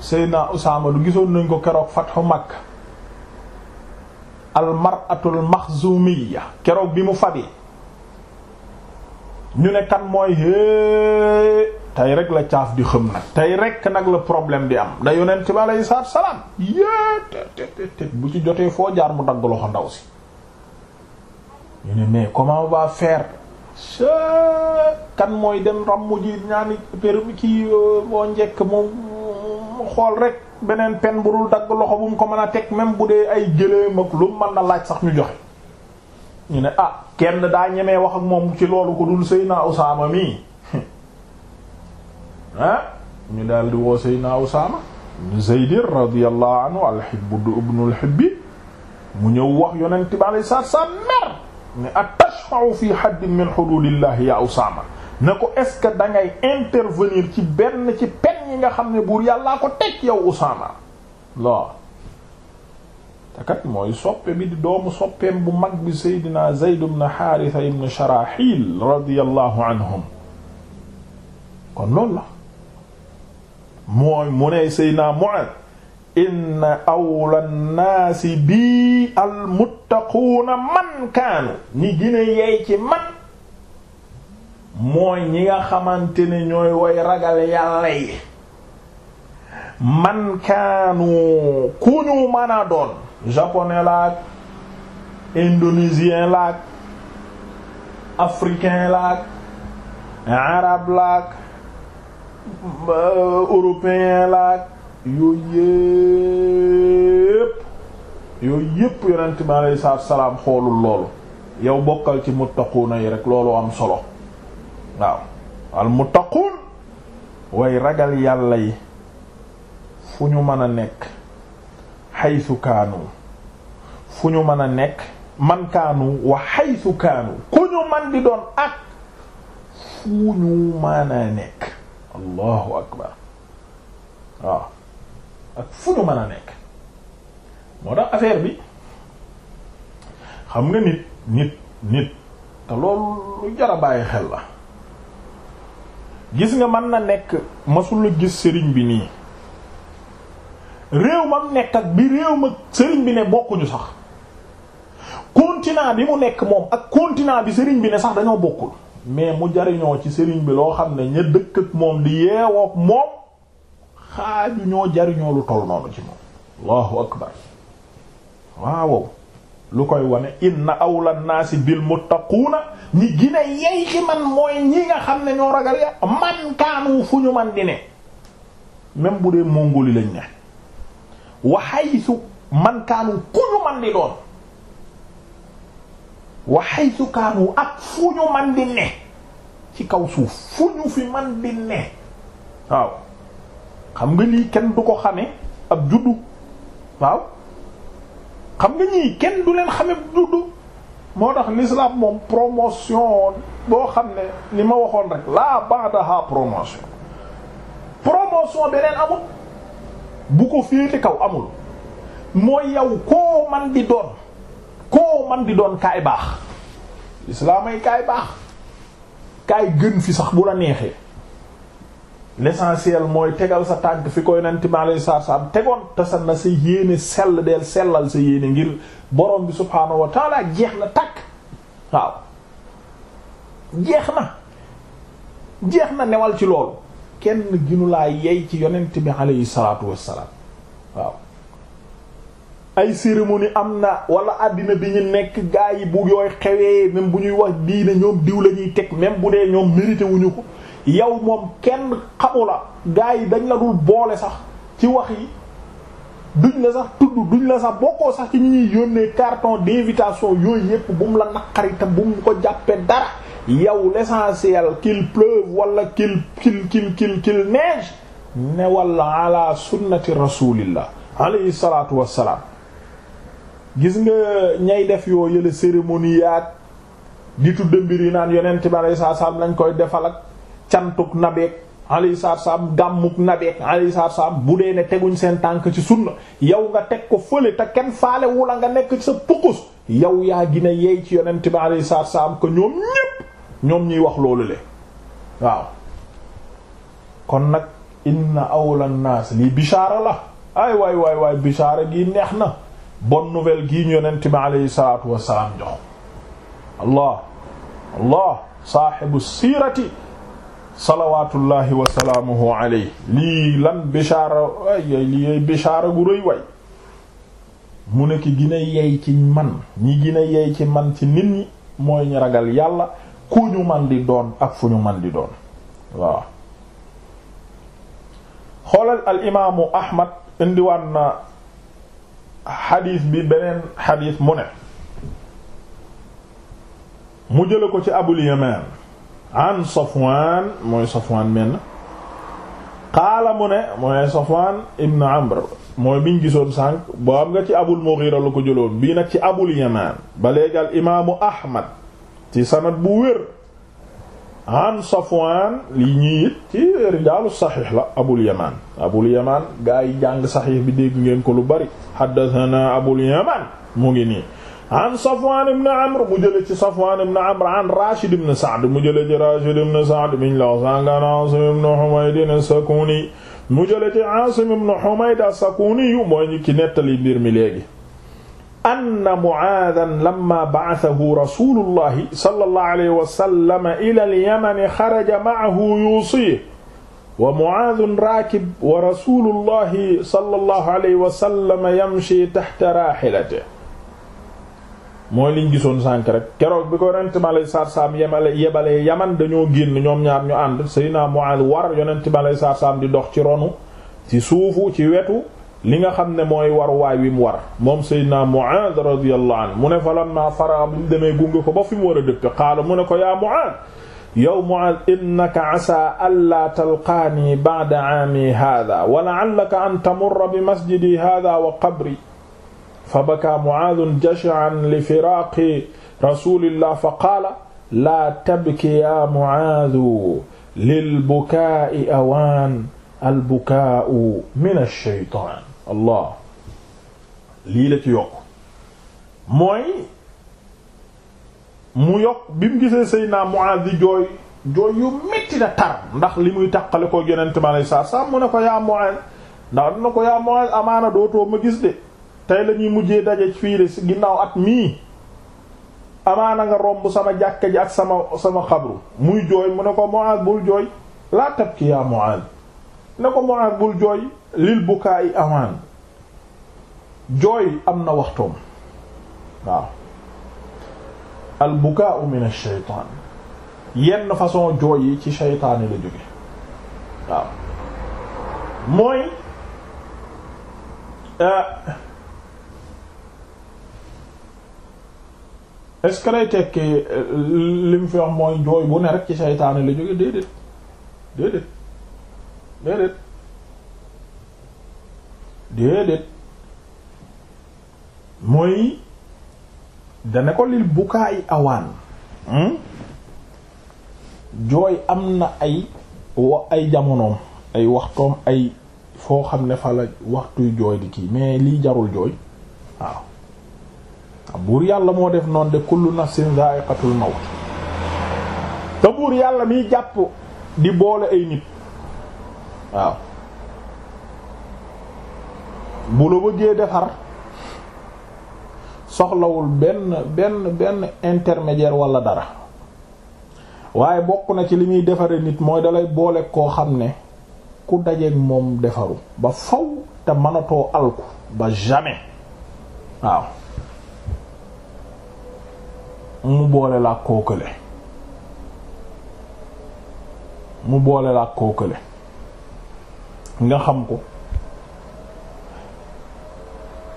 Seydina Usaama du gisoon nañ ko keroog fathu mag almaratul maxzumiya keroog bi mu fabee ñu ne kan mooy hée tey rek la caaf di xëm nag tey rek nag la problème di am da yonent bi aleyhi salaatu salaam yéetétététét bu ci jotee foo jaar mu dagg loxo ndaw si ñu ne mais comment on va faire kan mooy dem rammu ji ñaani permis ki euh, moo njekk moom xool rekk beneen pen bu dul dagg loxo bu mu ko mën a teg même bu dee ay gëléem ak lu mu mën na laaj sax ñu joxe ñu ne ah kenn daa ñemee wax ak moom ci loolu ko dul Seyna Usaama mii ah ñu daal di woo Seyna Usaama ibn Zayd radiyallahu anhu al-hibbu ibnu al mu ñëw wax yonent bi alayhi salaam mer ne atashfa'u fi haddin min hududillahi ya Usaama ne ko est-ce intervenir ci benn ci pen nga xam ne buur yàllaa ko teg yow Usaama loo te mooy soppe bi di doomu soppeem bu mag bi Seydina Zayd ibn Haarisa ibn Sharaxil radiyallahu anhum kon loolu la mooy mu ne Seydina Mu'aaz inna awla nnaasi bii almuttaquuna man kaanu ñi gën yey ci man mooy ñi nga xamante ne ñooy way ragal yàlla man kaanu ku ñu mën a doon japonais laak indonésien laak africain laak arabe laak euh, européen laak yooyu yépp yooyu yépp yonent bi aleyhi salaatu salaam xoolul loolu yow bokkal ci muttaquuna yi rek loolu am solo waaw al muttaquun way ragal yàlla yi fu ñu mën a nekk xaytu kaanu fu ñu mën a nekk man kaanu wa xaytu kaanu ku ñu man di doon ak fu ñu mën a nekk allahu akbar waaw ak fu ñu mën a nekk moo tax affaire bi xam nga nit nit nit te loolu lu jar bàyyi xel la gis nga mën na nekk masul la gis sëriñ bi nii réew ma nekk ak bi réew ma sëriñ bi ne bokkuñu sax continent bi mu nekk moom ak continent bi sëriñ bi ne sax dañoo bokkul mais mu jariñoo ci sëriñ bi loo xam ne ña dëkk ak moom di yeewoo ak moom xaaju ñoo jariñoo lu toll noonu ci moom allahu akbar waaw lu koy wone inna awla naasi bil muttaquuna ñi gina yey ci man mooy ñi nga xam ne ñoo ragal ya man fu ñu man di ne même bu dee Mongolie lañ ne waxaysu man kaanu ku ñu man di doon waxaysu kaanu ak fu ñu man di ne ci kaw suuf fu ñu fi man di ne waaw xam nga lii kenn du ko xame ak juddu waaw xam nga ñii kenn du leen xame ab juddu moo tax l'islam moom promotion boo xam ne li ma waxoon rek la ba'daha promotion promotion beneen amul bu ko féete kaw amul mooy yow koo man di doon koo man di doon kaay baax islaamay kaay baax kaay gën fi sax bu la neexee l'essentiel mooy tegal sa tànk fi koy nanti maa lay saar sa am tegoon te sa na sa yéene sell del sellal sa yéene ngir borom bi subhaanahu wa taala jeex na tàkk waaw jeex na jeex na newal ci loolu kenn ginulaa yey ci yonent bi aleyhi salaatu wassalaam waaw ay cérémonie am na wala àddina bi ñu nekk gaa yi bu yooy xewee même bu ñuy wax diine ñoom diw la ñuy teg même bu dee ñoom mérité wuñu ko yow moom kenn xamu la gaa yi dañ la dul boole sax ci wax yi duñ la sax tudd duñ la sax bokkoo sax ci ñi ñuy yónnee carton d'invitation yooyu yépp bu mu la naqari bu mu ko jàppee dara yow l'essentiel qu'il pleuve walla qu'il kil qu'il qu'il qu'il neige ne wala ala sunnati rasulillah alayhi salatu wassalaam gis nga ñay def yoo yële cérémonie yaat di tudde mbir yi naan yonent bi alayhi lañ koy defal ak cantuk nabeeg alayhi salaatu salaam gàmmuk nabeeg alayhi bu dee ne teguñ seen tànk ci sunna yow nga teg ko fële te kenn faale wula nga nekk sa pukkus yow yaa gina yeey ci yonent bi alayhi salaatu salaam ko ñoom ñépp ñoom ñuy wax loolu le waaw kon nag inna awla naas lii bichaara la ay waay waay waay bichaara gii neex na bonne nouvelle gii ñu yonent bi aleyhi salatu wasalaam jox allah allah saaxibu siirati salawatullahi wasalaamuhu aleyhi lii lan bichaara ay lii ay bichaara gu rëy waay mu ne ki gën a yey ci man ñi gën yey ci man ci nit ñi mooy ñu ragal yàlla ku ñu man di doon ak fu ñu man di doon waaw xoolal al imaamu ahmad indiwaat na xadiis bi beneen xadiis mu ne mu jële ko ci abul yamaan an safwaan mooy safwaan menn qaala mu ne mooy safwaan ibn amr mooy biñ gisoon sànq boo am nga ci abul mughira la ko jëloon bii nag ci abul yamaan ba léegi al ahmad ci sanad bu wér an Safwan li ñii it ci rijaalu saxiix la Abul Yamaan Abul ga gaa yi jàng saxiix bi dégg ngeen ko lu bari haddathana Abul Yamaan mu ngi nii an Safwan ibn Amr mu jële ci Safwan ibn Amr an Rashid ibn Sa'd mu jële Rashid ibn Sa'd miñ la sàngan Asim ibn Humayd as mu jële ci Asim ibn Humayd yu mooy ñu ki nettali mbir mi léegi anna Mu'aadan lammaa ba'athahu rasuulullahi sallallahu alayhi wa sallam ilal yamani xaraja ma'ahu yuusiihi wa Mu'aadun raakib wa rasuulullahi sallallahu alayhi wa sallam yamshi tahta raahilatihi mooy liñ gisoon sànk rek keroog bi ko yonent mi alayhi salaatu salaam dañoo génn ñoom ñaar ñu ànd Seydina Mu'aad war yonent mi alayhi salaatu salaam di dox ci ronu ci suufu ci wetu li nga xam ne mooy war waay wi mu war moom Seydina Mu'aaz radiyallahu anhu mu ne fa lamma faraga bi mu demee gunge ko ba fi mu war a dëppe qaala mu ne ko yaa Mu'aaz yow Mu'aaz innaka asaa allaa talqaanii ba'da aami haadha wa la'allaka an tamurra bi masjidi haadha wa qabri fa bakaa Mu'aazun jashan li firaaqi rasuulillah fa qaala laa tabki yaa Mu'aazu lil bukaa'i awaan al bukaa'u mina shaytaan allah lii la ci yokk mooy mu yokk bi mu gisee Seydina Muaaz di jooy jooy yu metti na tar ndax li muy tàqale ko yonent ma lay saa saa mu ne ko yaa Muaaz ndax dina ko yaa Muaaz amaana dootoo ma gis de tey lañuy mujjee daje fii si ginnaaw at mii amaana nga romb sama jàkka ji ak sama sama xabru muy jooy mu ne ko Muaaz bul jooy laa tabki yaa Muaaz ne ko Mu'aaz bul jooy lil bukaay amaan jooy am na waxtoom waaw al bukaa'u min ash yenn façon jooy yi ci shaytaani la jóge waaw mooy euh, est-ce que lay tekki euh, li fi wax mooy jooy bu ne rek ci shaytaani la jóge déedéet déedéet déedéet mooy dana ko lil bukaay awaan hmm? jooy am na ay wa ay jamonoom ay waxtoom ay foo xam ne fa la waxtuy jooy di kii mais lii jarul jooy waaw buur yàlla moo def noonu de kullu na dha'iqatul mawt te buur yàlla miy jàpp di boole ay nit waaw bu la bëggee defar soxlawul benn benn benn intermédiaire wala dara waaye bokk na ci li muy defaree nit mooy dalay boole koo xam ne ku dajeeg moom defaru ba faw te mënatoo alku ba jamais waaw mu boole la ak kookale mu boole la ak kookale nga xam ko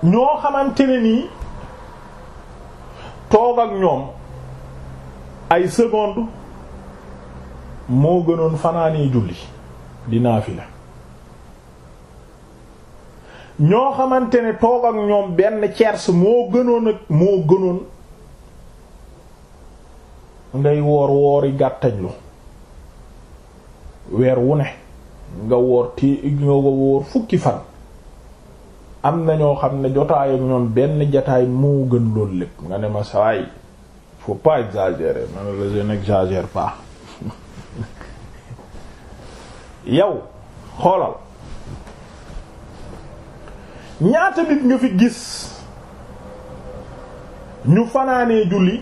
ñoo xamante ne nii toog ak ñoom ay seconde moo gënoon fanaani julli di naafila ñoo xamante ne toog ak ñoom benn cers moo gënoon ak moo gënoon ngay woor woori gàttañlu weer wu ne nga woor ti nga woor fukki fan am na ñoo xam ne jotaay ñoom benn jataay moo gën loolu lépp nga ne ma saay faut pas exagérer man la je xoolal ñaata nit nga fi gis ñu fanaanee julli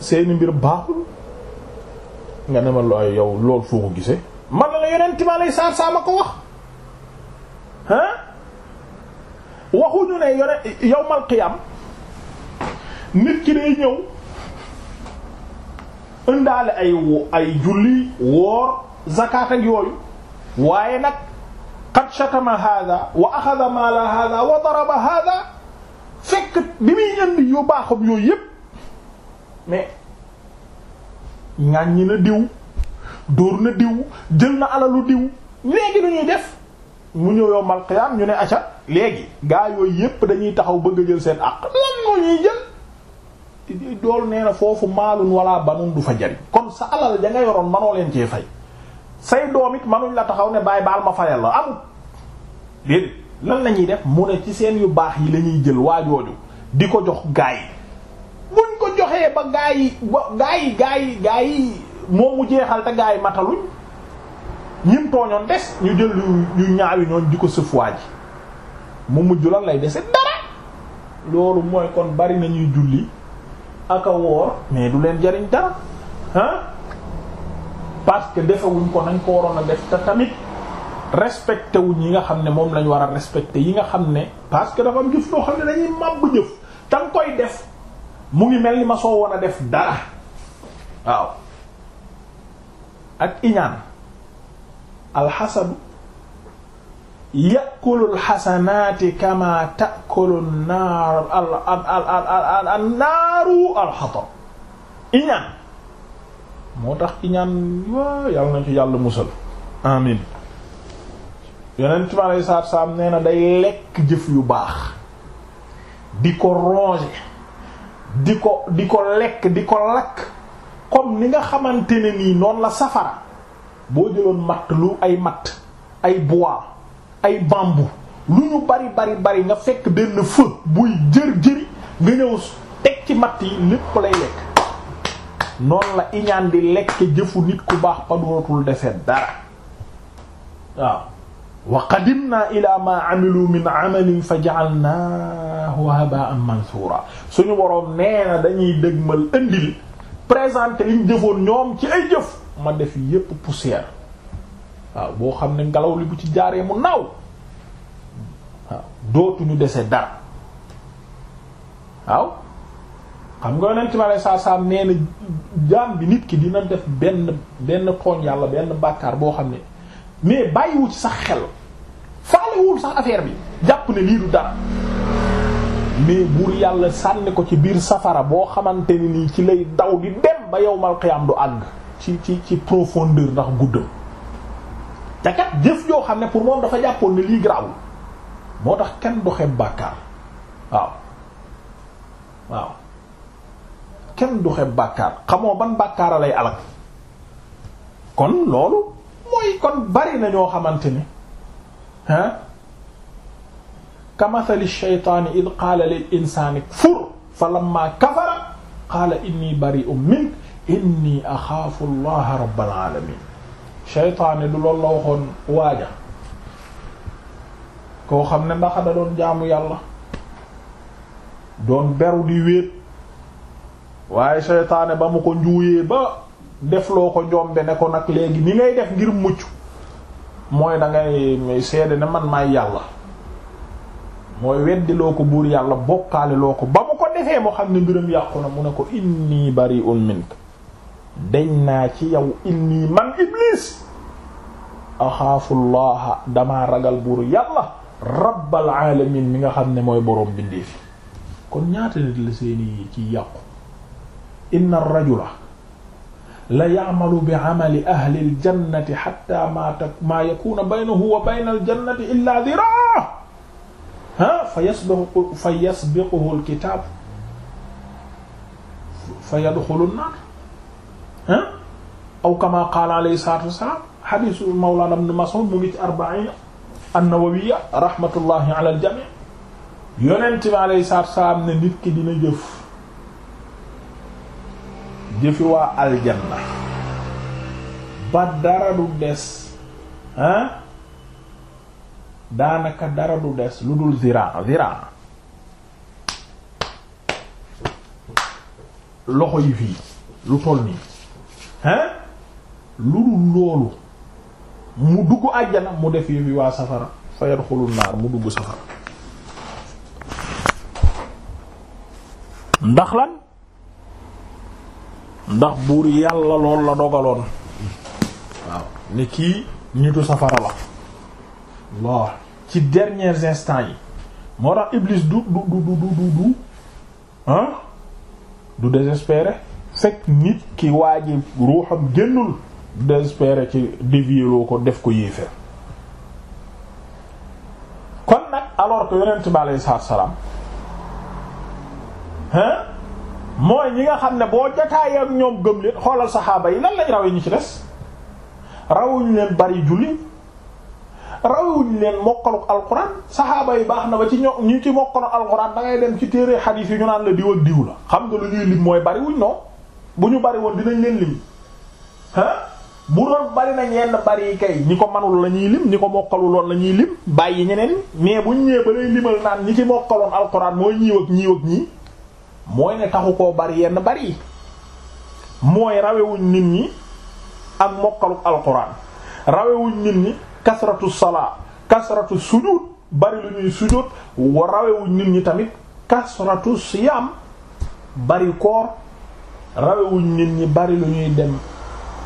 seeni mbir baaxul nga ne ma looy yow lool foo ko gisee man la yonent mi alayhi salaatu salaam a ko wax ah waxuñu ne yone yawmal qiyam nit ki day ñëw indaale ay ay julli woor zakat yooyu waaye nag qad shatama hada wa maala hada wa daraba hada fekk bi muy indi yu baaxam yooyu yépp mais ñaan ñi diw dóor na diw jël na alalu diw léegi lu ñuy def mu ñëw yowmal qiyaam ñu ne acca léegi gaa yooyu yépp dañuy taxaw bëgg a jël seen àq lan moo ñuy jël dool nee na foofu maalun wala banun du fa jariñ kon sa alal da nga yoroon manoo leen cee fay say doom it manuñ la taxaw ne bàyyi baal ma fayal la amul déedéet lan la ñuy def mu ne ci seen yu baax yi la ñuy jël waajooju di ko jox gaa yi buñ ko joxee ba gaa ba gaa yi gaa yi gaa yi moom mu jeexal te yi mataluñ ñim tooñoon des ñu jël yu ñaawi ñooñ di ko sëfwaa ji mu mujj la lay dese dara loolu mooy kon bari nañuy julli ak a woor mais du leen jariñ dara ah parce que defewuñ ko nañ ko waroon a def te tamit respecté wuñ yi nga xam ne moom lañ war a respecté yi nga xam ne parce que dafa am jëf yoo xam ne dañuy màbb jëf te koy def mu ngi mel ni ma soo war a def dara waaw ak iñaan alxasadu yakulu alxasanaati kama takulu naaru annaaru alxatab iñaan moo tax iñaan waa yàlla nañu ci yàlla musal amin yonent bi alei salaatu salaam nee na day lekk jëf yu baax di ko ronger di ko di ko lekk di ko lakk comme ni nga xamante ne nii noonu la safara boo jëloon matt lu ay matt ay bois ay bambou lu ñu bari bari bari nga fekk benn feu buy jër jëri nga ñëw teg ci matt yi lépp lay lekk noonu la iñaan di lekk jëfu nit ku baax pa dootul defee dara waaw wa qadimna ila ma amilu min amalin fa ja'alnahu haba'an mansura suñu waroom nee na dañuy dëgmal ëndil présenté liñ defoon ñoom ci ay jëf ma def yépp poussière waaw boo xam ne ngelaw li bu ci jaaree mu naaw waaw ñu dese dara waaw xam nga yonent ma lay saa saa nee na jaam bi nit ki dina def benn benn tooñ yàlla benn bàkkaar boo xam ne mais bàyyiwu ci sax xel faalewul sax affaire bi jàpp ne lii du dara mais buur yàlla sànni ko ci biir safara boo xamante ni nii ci lay daw di dem ba yowmal qiyaam du àgg ci ci ci profondeur ndax guddam te kat jëf joo xam ne pour moom dafa jàppoon ni lii garaawul moo tax kenn du xeeb bàkkaar waaw waaw kenn du xeeb bàkkaar xamoo ban bàkkaara lay alal kon loolu mooy kon bari na ñoo xamante ni kamathali shaytaani id qaala lil insaani kfur fa lamma kafara qaala inni bari'un mink inni axaafu allaha rabbal alamin shaytaani du loolu la waxoon waaja koo xam ne ndax da doon jaamu yàlla doon beru di wéet waaye seytaane ba mu ko njuuyee ba def loo ko njombe ne ko nag léegi ni ngay def ngir mucc mooy da ngay seede ne man maay yàlla mooy weddiloo ko buur yàlla bokkaale loo ko ba mu ko defee moo xam ne mbirum yàqu na mu ne ko inni bari'un mink deñ naa ci yow inni man iblis axaafullaha damaa ragal buur yàlla rabbal alamin mi nga xam ne mooy boroom bindee kon ñaata nit la seeni ci yàqu inna rajula la ya'malu bi 'amali ahli al jannati ma maa yakuna wa bayna al jannati illa ah fa yasbiqu fa yasbiquhu alkitaab fa yadxulu naar ah aw kama qaala alayhi salaatu wassalaam hadiisu mawlaana ibn Mas'uud mu ngi ci arba'iin an-nawawiyya rahmatullahi ala al-jamii' yonent bi alayhi salaatu wassalaam ne nit ki dina jëf jëfi waa aljanna ba dara du des ah daanaka dara du des lu dul ziraa ziraa loxo yi fii lu toll nii hein lu dul loolu mu dugg àjjana mu def yi fi waa safara fa yadxulu naar mu dugg safara ndax lan ndax buur yàlla lool la dogaloon waaw ne kii nitu safara la waaw ci derniers instants yi moo tax Iblis du du du du du du ah du fekk nit ki waa ji ruuxam génnul du désespéré ci dévier ko def ko yéeféer kon nag alors que yonent bi aleyhi salaam hein mooy ñi nga xam ne boo jotaayee ak ñoom gëm leen xoolal saxaaba yi lan raw yi ñu ci des rawuñu leen bari julli rawuñ leen mokkaluk alquran saxaaba yi baax na ba ci ño ñu ci mokkalu alquran da ngay dem ci téere xadiis yi ñu naan la diw ak diw la xam nga lu ñuy lim mooy bariwuñ noonu bu ñu bari woon dinañ leen lim ah bu doon bari na ñenn bari yi kay ñi ko manul la ñuy lim ñi ko mokkalu loon la ñuy lim bàyyi ñeneen mais buñ ñëwee ba lay limal naan ñi ci mokkaloon alquran mooy ñiiw ak ñiiw ak ñii mooy ne taxu ko bari yenn bari yi mooy rawewuñ nit ñi ak mokkaluk alquran nit ñi kasratu salaa kasratu sujud bari lu ñuy sujud rawewuñ nit ñi tamit kasratu siyam bari koor rawewuñ nit ñi bari lu ñuy dem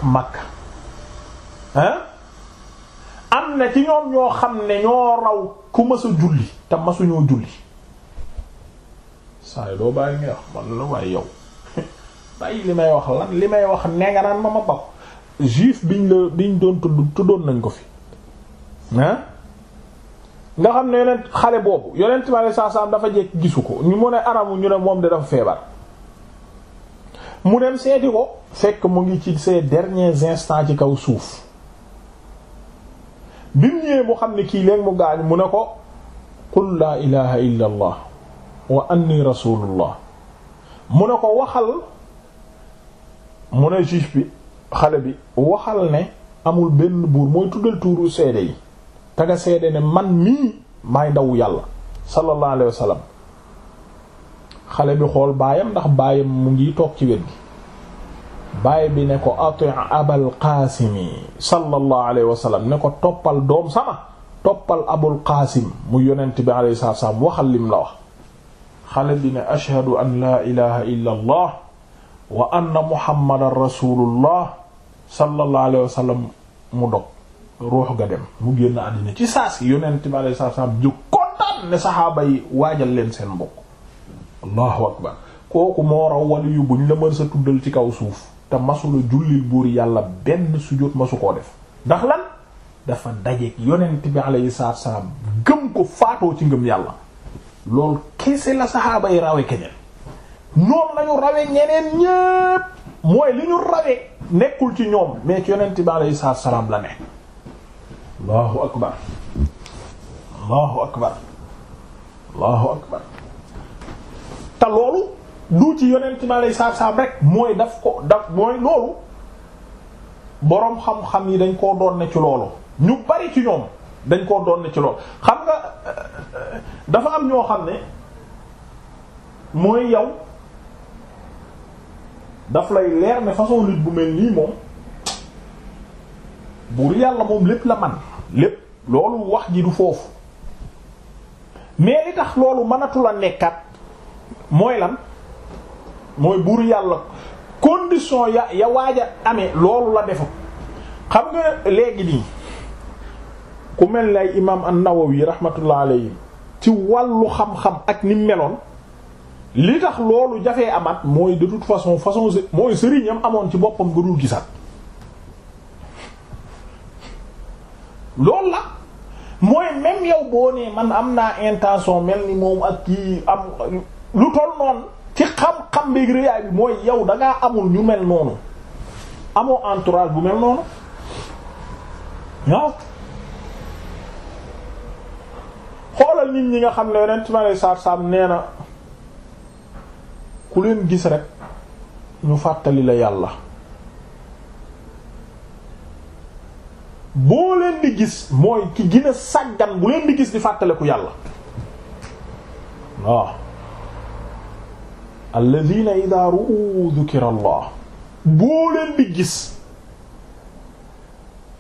Makka hein am na ci ñoom ñoo xam ne ñoo raw ku mësa julli te masuñoo julli saa doo bàyyi ngay wax man la waaye yow bàyyi li may wax lan li may wax nenganaan ma ma bap juif biñ la biñ doon tudd tuddoon nañ ko fi ah nga xam ne yonent xale boobu yonent ma ne saasaam dafa jekk gisu ko ñu mu ne aramu ñu ne moom de dafa feebar mu dem seeti ko fekk mu ngi ci see dernier instants ci kaw suuf bi mu ñëwee mu xam ne kii léegi mu gaañ mu ne ko qul laa ilaha illa allah wa anni rasulullah mu ne ko waxal mu ne juif bi xale bi waxal ne amul benn buur mooy tuddal tuuru seede yi te seede ne man mii maay ndawu yàlla sallallahu alayhi wa xale bi xool baayam ndax baayam mu ngi toog ci wet gi baay bi ne ko ati abal qaasimi sallallahu alayhi ne ko toppal doom sama toppal abul qaasim mu yonent bi alayhi salaatu salaam waxal lim xale bi ne ashhadu an laa ilaha illa allah wa anna muhammadan rasulullah sallallahu alayhi mu dog ruux ga dem mu génn àddina ci saa si yonent bi alayhi salaam ju kontaan ne saxaaba yi waajal leen seen mbokk allahu akbar kooku moo raw wali yu buñ la mën sa tuddal ci kaw suuf te masula jullil buur yàlla benn sujjóot masu koo def ndax lan dafa dajeek yonent bi alayhi salaam gëm ko faatoo ci ngëm yàlla loolu kese la saxaaba yi rawe keneen noonu lañu rawe ñeneen ñépp mooy li ñu rawe nekkul ci ñoom mais ci yonent bi alayhi salaam la ne allahu akbar allahu akbar allahu akbar te loolu du ci yonent mi aleyhi salaatu salaam rek mooy daf ko daf mooy loolu boroom xam-xam yi dañ koo doon ne ci loolu ñu bari ci ñoom dañ koo doon ne ci loolu xam nga euh, dafa am ñoo xam ne mooy yow daf lay leer ne façon lutte bu mel nii moom buur yàlla moom lépp la man lépp loolu wax ji du foofu mais li tax loolu mënatul a nekkat mooy lan mooy buur yàlla condition ya ya waaja ame amee loolu la defa xam nga léegi nii ku mel ni ay imaam an-Nawawi rahmatullah alayhi ci wàllu xam-xam ak ni meloon li tax loolu jafee amat mooy de toute façon façon mooy sëriñam amoon ci boppam nga dul gisaat loolu la mooy même yow boo nee man am naa intention mel ni moom ak kii am lu toll noonu ci xam-xam bi réyaay bi mooy yow da amul ñu mel noonu amoo entourage bu mel noonu waaw xoolal nit ñi nga xam ne yonent ma lay saar saam nee na ku leen gis rek ñu fàttali la yàlla boo leen di gis mooy ki gën sàggan bu leen di gis di fàttaleku yàlla waaw alladina ida ru'u dhukira allah boo leen di gis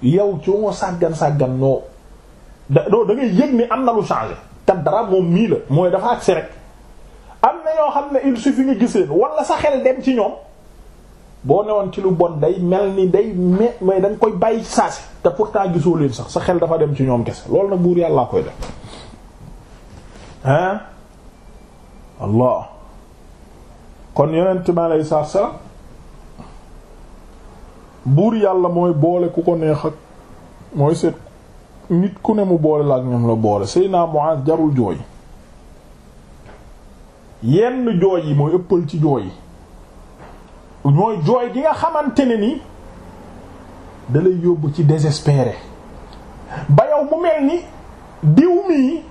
yow coono sàggan sàggan noo da doo da yëg ni am na lu changé te dara moom mii la mooy dafa agsi rek am na ñoo xam ne il suffit nga gis leen wala sa xel dem ci ñoom boo newoon ci lu bon day mel ni day me may da koy bàyyi saasi te pourtant gisoo leen sax sa xel dafa dem ci ñoom kese loolu nag buur yàllaa koy def hein allah kon yonent mi aleyi salaatu salaam buur yàlla mooy boole ku ko neex ak mooy seet nit ku ne mu boole la ak ñoom la boole Seydina Muaz jarul jooy yenn jooy yi mooy ëppal ci jooy yi mooy jooy gi nga xamante ne ni da lay yóbbu ci désespéré ba yow mu mel ni diw mii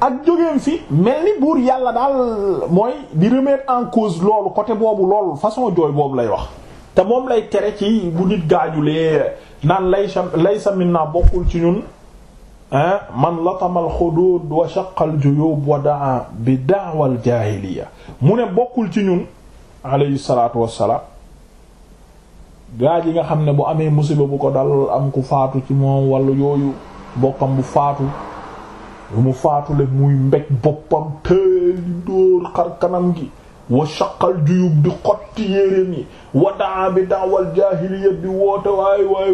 ak jógeem fi mel ni buur yàlla daal mooy di remettre en cause loolu côté boobu loolu façon jooy boobu lay wax te moom lay tere ci bu nit gaajulee naan laysa laysa minna bokkul ci ñun man latamal xudud wa shaqal juyub wa daa bi daawal jaahiliya mu ne bokkul ci ñun alayhi salaatu wassalaam gaa ji nga xam ne bu amee musiba bu ko dal am ku faatu ci moom wala yooyu bokkam bu faatu lu mu faatu muy mbéj boppam teeli dóor xar kanam gi wa shaqal juyub di xotti yéreem yi wa daa bi daawal jaahiliya di woote waay waay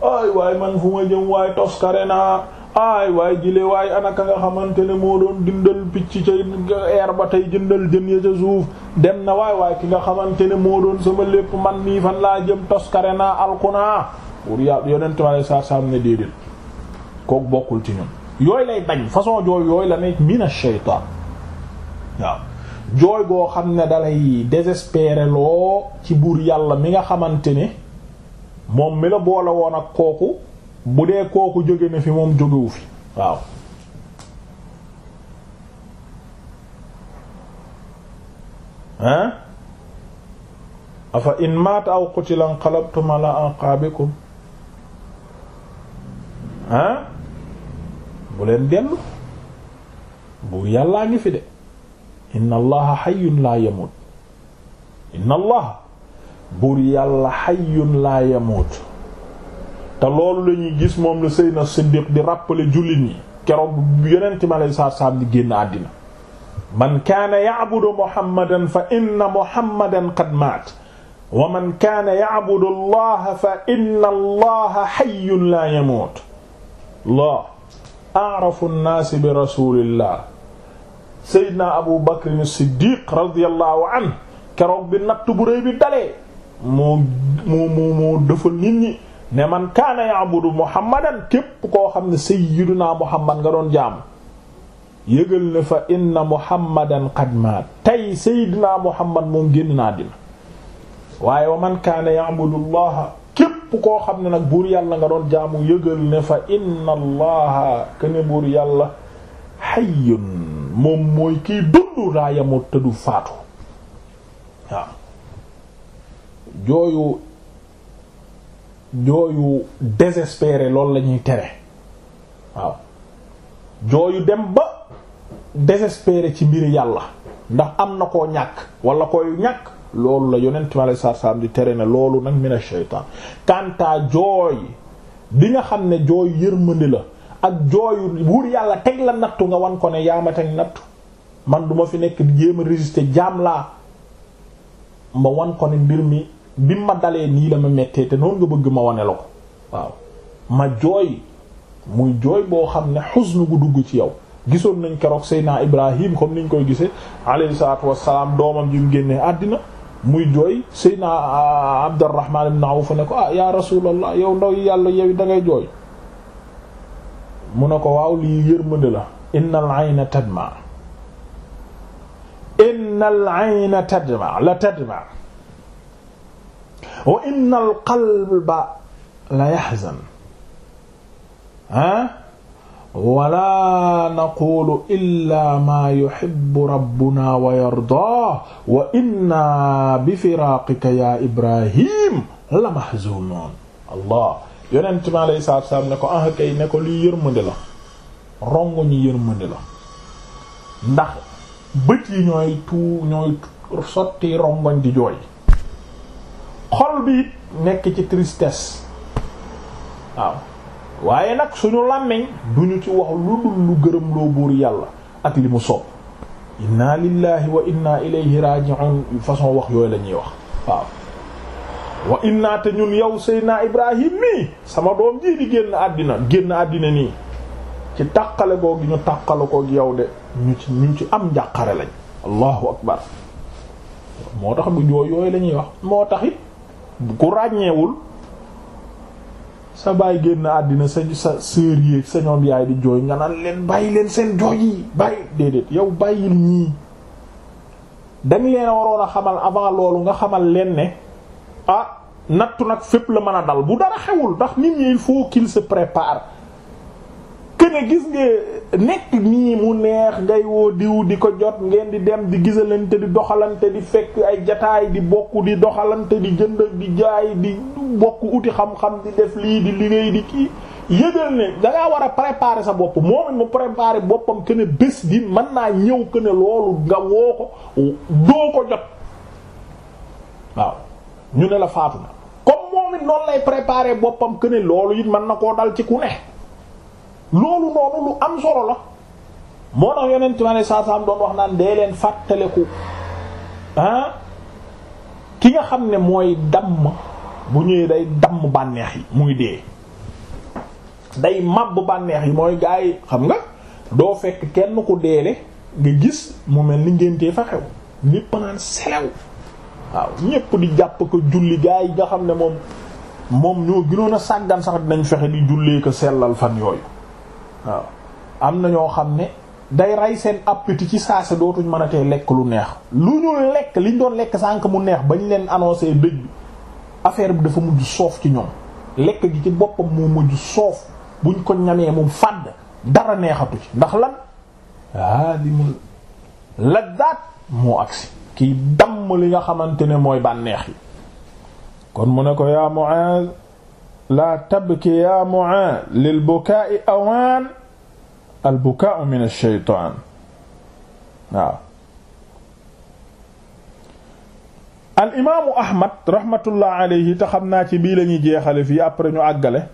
waay waay man fu ma jëm waay toskare naa aay waaye jile waaye anaka nga xamante ne moo doon dindal picc ca air ba tey jëndal jën ya ca suuf dem na waay waaye ki nga xamante ne moo doon sama lépp man nii fan laa jëm toskare naa alkunaa pour ya yonent ma kook bokkul ci ñun bañ façon jooy yooyu la nekk mina shaytaan waaw jooy goo xam ne dalay désespéré ci buur yàlla mi nga xamante ne moom mi la boole woon ak kooku bu dee kooku jóge na fi moom jógewu fi waaw hein afa in maata aw qutila anqalabtum ala anqaabikum hein bu leen dellu buur yàllaa ngi fi de inna allaha hayyun laa yamuut inna allaha buur yàlla hayyun laa yamuut te loolu la ñuy gis moom la Seydina Siddiq di rappeler jullit ñi keroog yonent mi alayhi salaatu salaam di génn àddina man kaana ya'budu muhammadan fa inna muhammadan qad maat wa man kaana ya'budu allaha fa inna allaha hayyun laa yamuut la a'rafu nnaasi bi rasulillah Seydina siddiq radiyallahu anhu keroog bi natt bu rëy bi dalee moo moo moo moo ne man kaana ya'budu muhammadan képp koo xam ne sayyiduna muhammad nga doon jaamu yëgal ne fa inna muhammadan qad maat tey sayyiduna muhammad moom génn naa dina waaye wa man kaana ya'budu allah képp koo xam ne nag buur yàlla nga doon jaamu yëgal ne fa inna allaha kene buur yàlla hayyun moom mooy kiy dund daa te du faatu waaw jooyu jooyu désespéré loolu la ñuy tere waaw jooyu dem ba désespéré ci mbiri yàlla ndax am na koo ñàkk wala koy ñàkk loolu la yonent mi alayhi salaatu salaam di tere ne loolu nag mina shaytaan kantaa jooy bi nga xam ne jooyu yërmande la ak jooyu buur yàlla teg la nattu nga wan ko ne yaa ma teg nattu man du ma fi nekk di jéem a résister jaam laa ma wan ko ne mbir mi bi ma dalee nii la ma mettee te noonu nga bëgg ma wane la ko waaw ma jooy muy jooy boo xam ne xusnu gu dugg ci yow gisoon nañ keroog Seydina Ibrahim comme niñ koy gisee alayhi salaatu wassalaam doomam ji mu génnee àddina muy jooy Seydina ah, Abdurrahman ibn Awf ne ko ah ya rasulallah yow ndaw yàlla yow da ngay jooy mu ne ko waaw lii yërmande la innal ayna tadma innal ayna tadma la tadma wa inna al qalba la yaxzan ah wala naqulu illa maa yuhibbu rabbuna wa yarda wa inna bi firaaqika yaa ibrahim la mahzunuun allah yonent mi alayhi salaatu salaam ne ko ah kay ne ko lii yërmande la rongo ñi yërmande la ndax bët yi ñooy tuu ñooy sotti rongoñ di jooy xol bi it nekk ci tristes waaw waaye nag suñu làmmiñ duñu ci wax lu dul lu gërëm loo buur yàlla ak li mu soob inna lillahi wa inna ilayhi raji'un façon wax yooyu lañuy wax waaw wa inna te ñun yow Seydina Ibrahim mii sama doom jii di génn àddina génn àddina nii ci tàqale googi ñu tàqale koog yow de ñu ci ñu ci am njàqare lañ allahu akbar moo tax bu jooy yooyu lañuy wax moo tax ku ràññeewul sa baay génn àddina sa sa sœur yi sa ñoom yaay di jooy nga naan leen bàyyi leen seen jooy yi bàyyi déedéet yow bàyyil ñii danga leen a waroon a xamal avant loolu nga xamal leen ne ah nattu nag fépp la mën a dal bu dara xewul ndax nit ñi il faut qu'il prépare ne gis nga nekk nii mu neex ngay woo diw di ko jot ngeen di dem di gisalante di doxalante di fekk ay jataay di bokk di doxalante di jënd di jaay di bokk wuti xam-xam di def lii di liggéey di kii yëgal ne dangaa war a préparer sa bopp moom it mu préparer boppam que ne bés bi mën naa ñëw que ne loolu nga woo ko doo ko jot waaw ñu ne la faatu na comme moom it noonu lay préparer boppam que loolu it mën na koo dal ci ku ne loolu noonu lu am solo la moo tax yonent ma ne saasaam doon wax naan dee leen fàttaleku ki nga xam ne mooy damm bu ñëwee day damm bànneex yi muy dee day màbb bànneex yi mooy gaa yi xam nga doo fekk kenn ku deele nga gis mu mel ni ngéntee fa xew ñépp naan selew waaw ñépp di jàpp ko julli gaa yi nga xam ne moom moom ñoo gënoon a sàggan sax dinañ fexe di jullee ko sellal fan yooyu waaw am na ñoo xam ne day rey seen appétit ci saa si dootuñ mën a tee lekk lu neex lu ñu lekk liñ doon lekk sànq mu neex bañ leen annoncé dëj bi affaire bi dafa mujj soof ci ñoom lekk gi ci boppam mu mujj soof buñ ko ñamee mu fàdd dara neexatu ci ndax lan haadimul laddaat moo agsi kiy damm li nga xamante ne mooy bànneex yi kon mu ne ko yaa Mu'aaz la tabki ya Mu'aaz lil bukaa'i awaan al bukaa'u min ash-shaytaan waaw al imaamu Ahmad rahmatullah alayhi te xam naa ci bii la ñuy jeexale fii après ñu àggale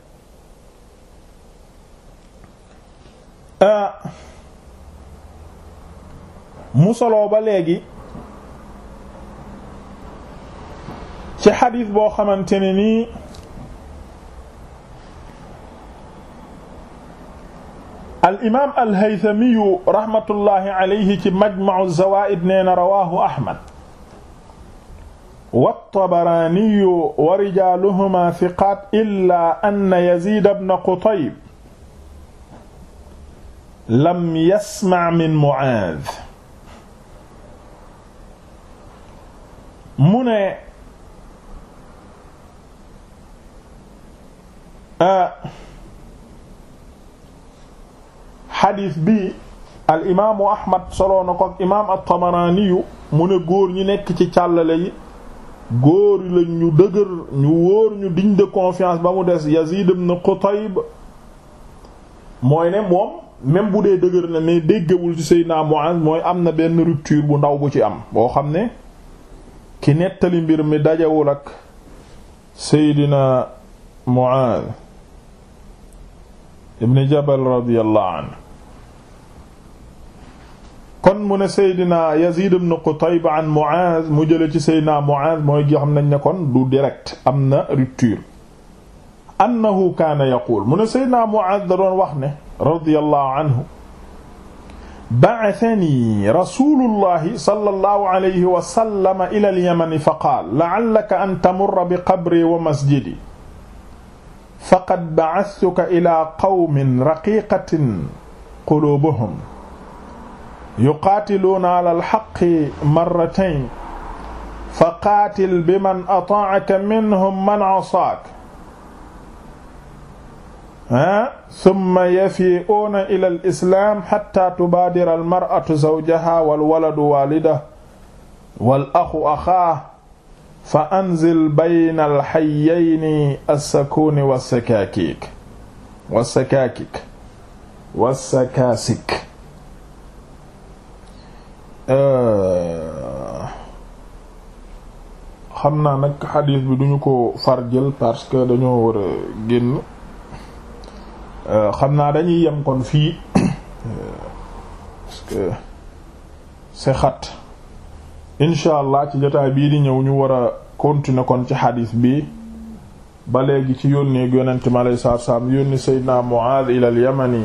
euh, mu soloo ba léegi ci xadiis boo xamante ne al imaam al haythamiyu rahmatullahi alayhi ci majma'u zawaa'id nee na rawaahu ahmad wa tabaraaniyu wa rijaaluhumaa thiqaat illaa anna yaziid ibn qutayb lam yasma' min mu'aaz mu ne ah, xadiis bi al imaamu ahmad soloo na ko ak imaam at-Tabaraniyu mu ne góor ñi nekk ci càllale yi góor lañ ñu dëgër ñu wóor ñu digne de confiance ba mu des Yazid ibn Qutayb mooy ne moom même bu dee dëgër na mais déggawul ci Seydina Muaz mooy am na benn ructure bu ndaw bu ci am boo xam ne ki nettali mbir mi dajawul ak Seydina Muaz ibn Jabal radiyallahu anhu mu ne Seydina Yazid ibn Qutayba an Muaz mu jële ci Seydina Muaz mooy gi xam nañ ne kon du direct am na rupture annahu kaana yaquul mu ne Seydina Muaz da doon wax ne radiyallahu anhu ba'athani rasulullahi sallallahu alayhi wa sallam ila al-yaman fa qaala la'allaka an tamurra bi qabri wa masjidi faqad ba'athtuka ila qawmin raqiqatin qulubuhum yuqaatiluuna ala alxaqi marratayn fa qaatil bi man ataacaka minhum man asaak ah summa yafi'uuna ila alislaam xatta tubaadira almar'atu zawjaha walwaladu waalidah wal axu axaah fa anzil bayna alxayyayni assakuuni wassakaakik wassakaakik wassakaasik Euh, xam naa nag xadiis bi duñu ko far jël parce que dañoo war a génn euh, xam naa dañuy yem kon fii euh, parce que c'est xat incha allah ci jotaay bii di ñëw ñu war a continuer kon ci xadiis bi ba léegi ci yónneeg yonente mi aleyi salaatu salaam yónni Seydina Muaaz ilal Yamani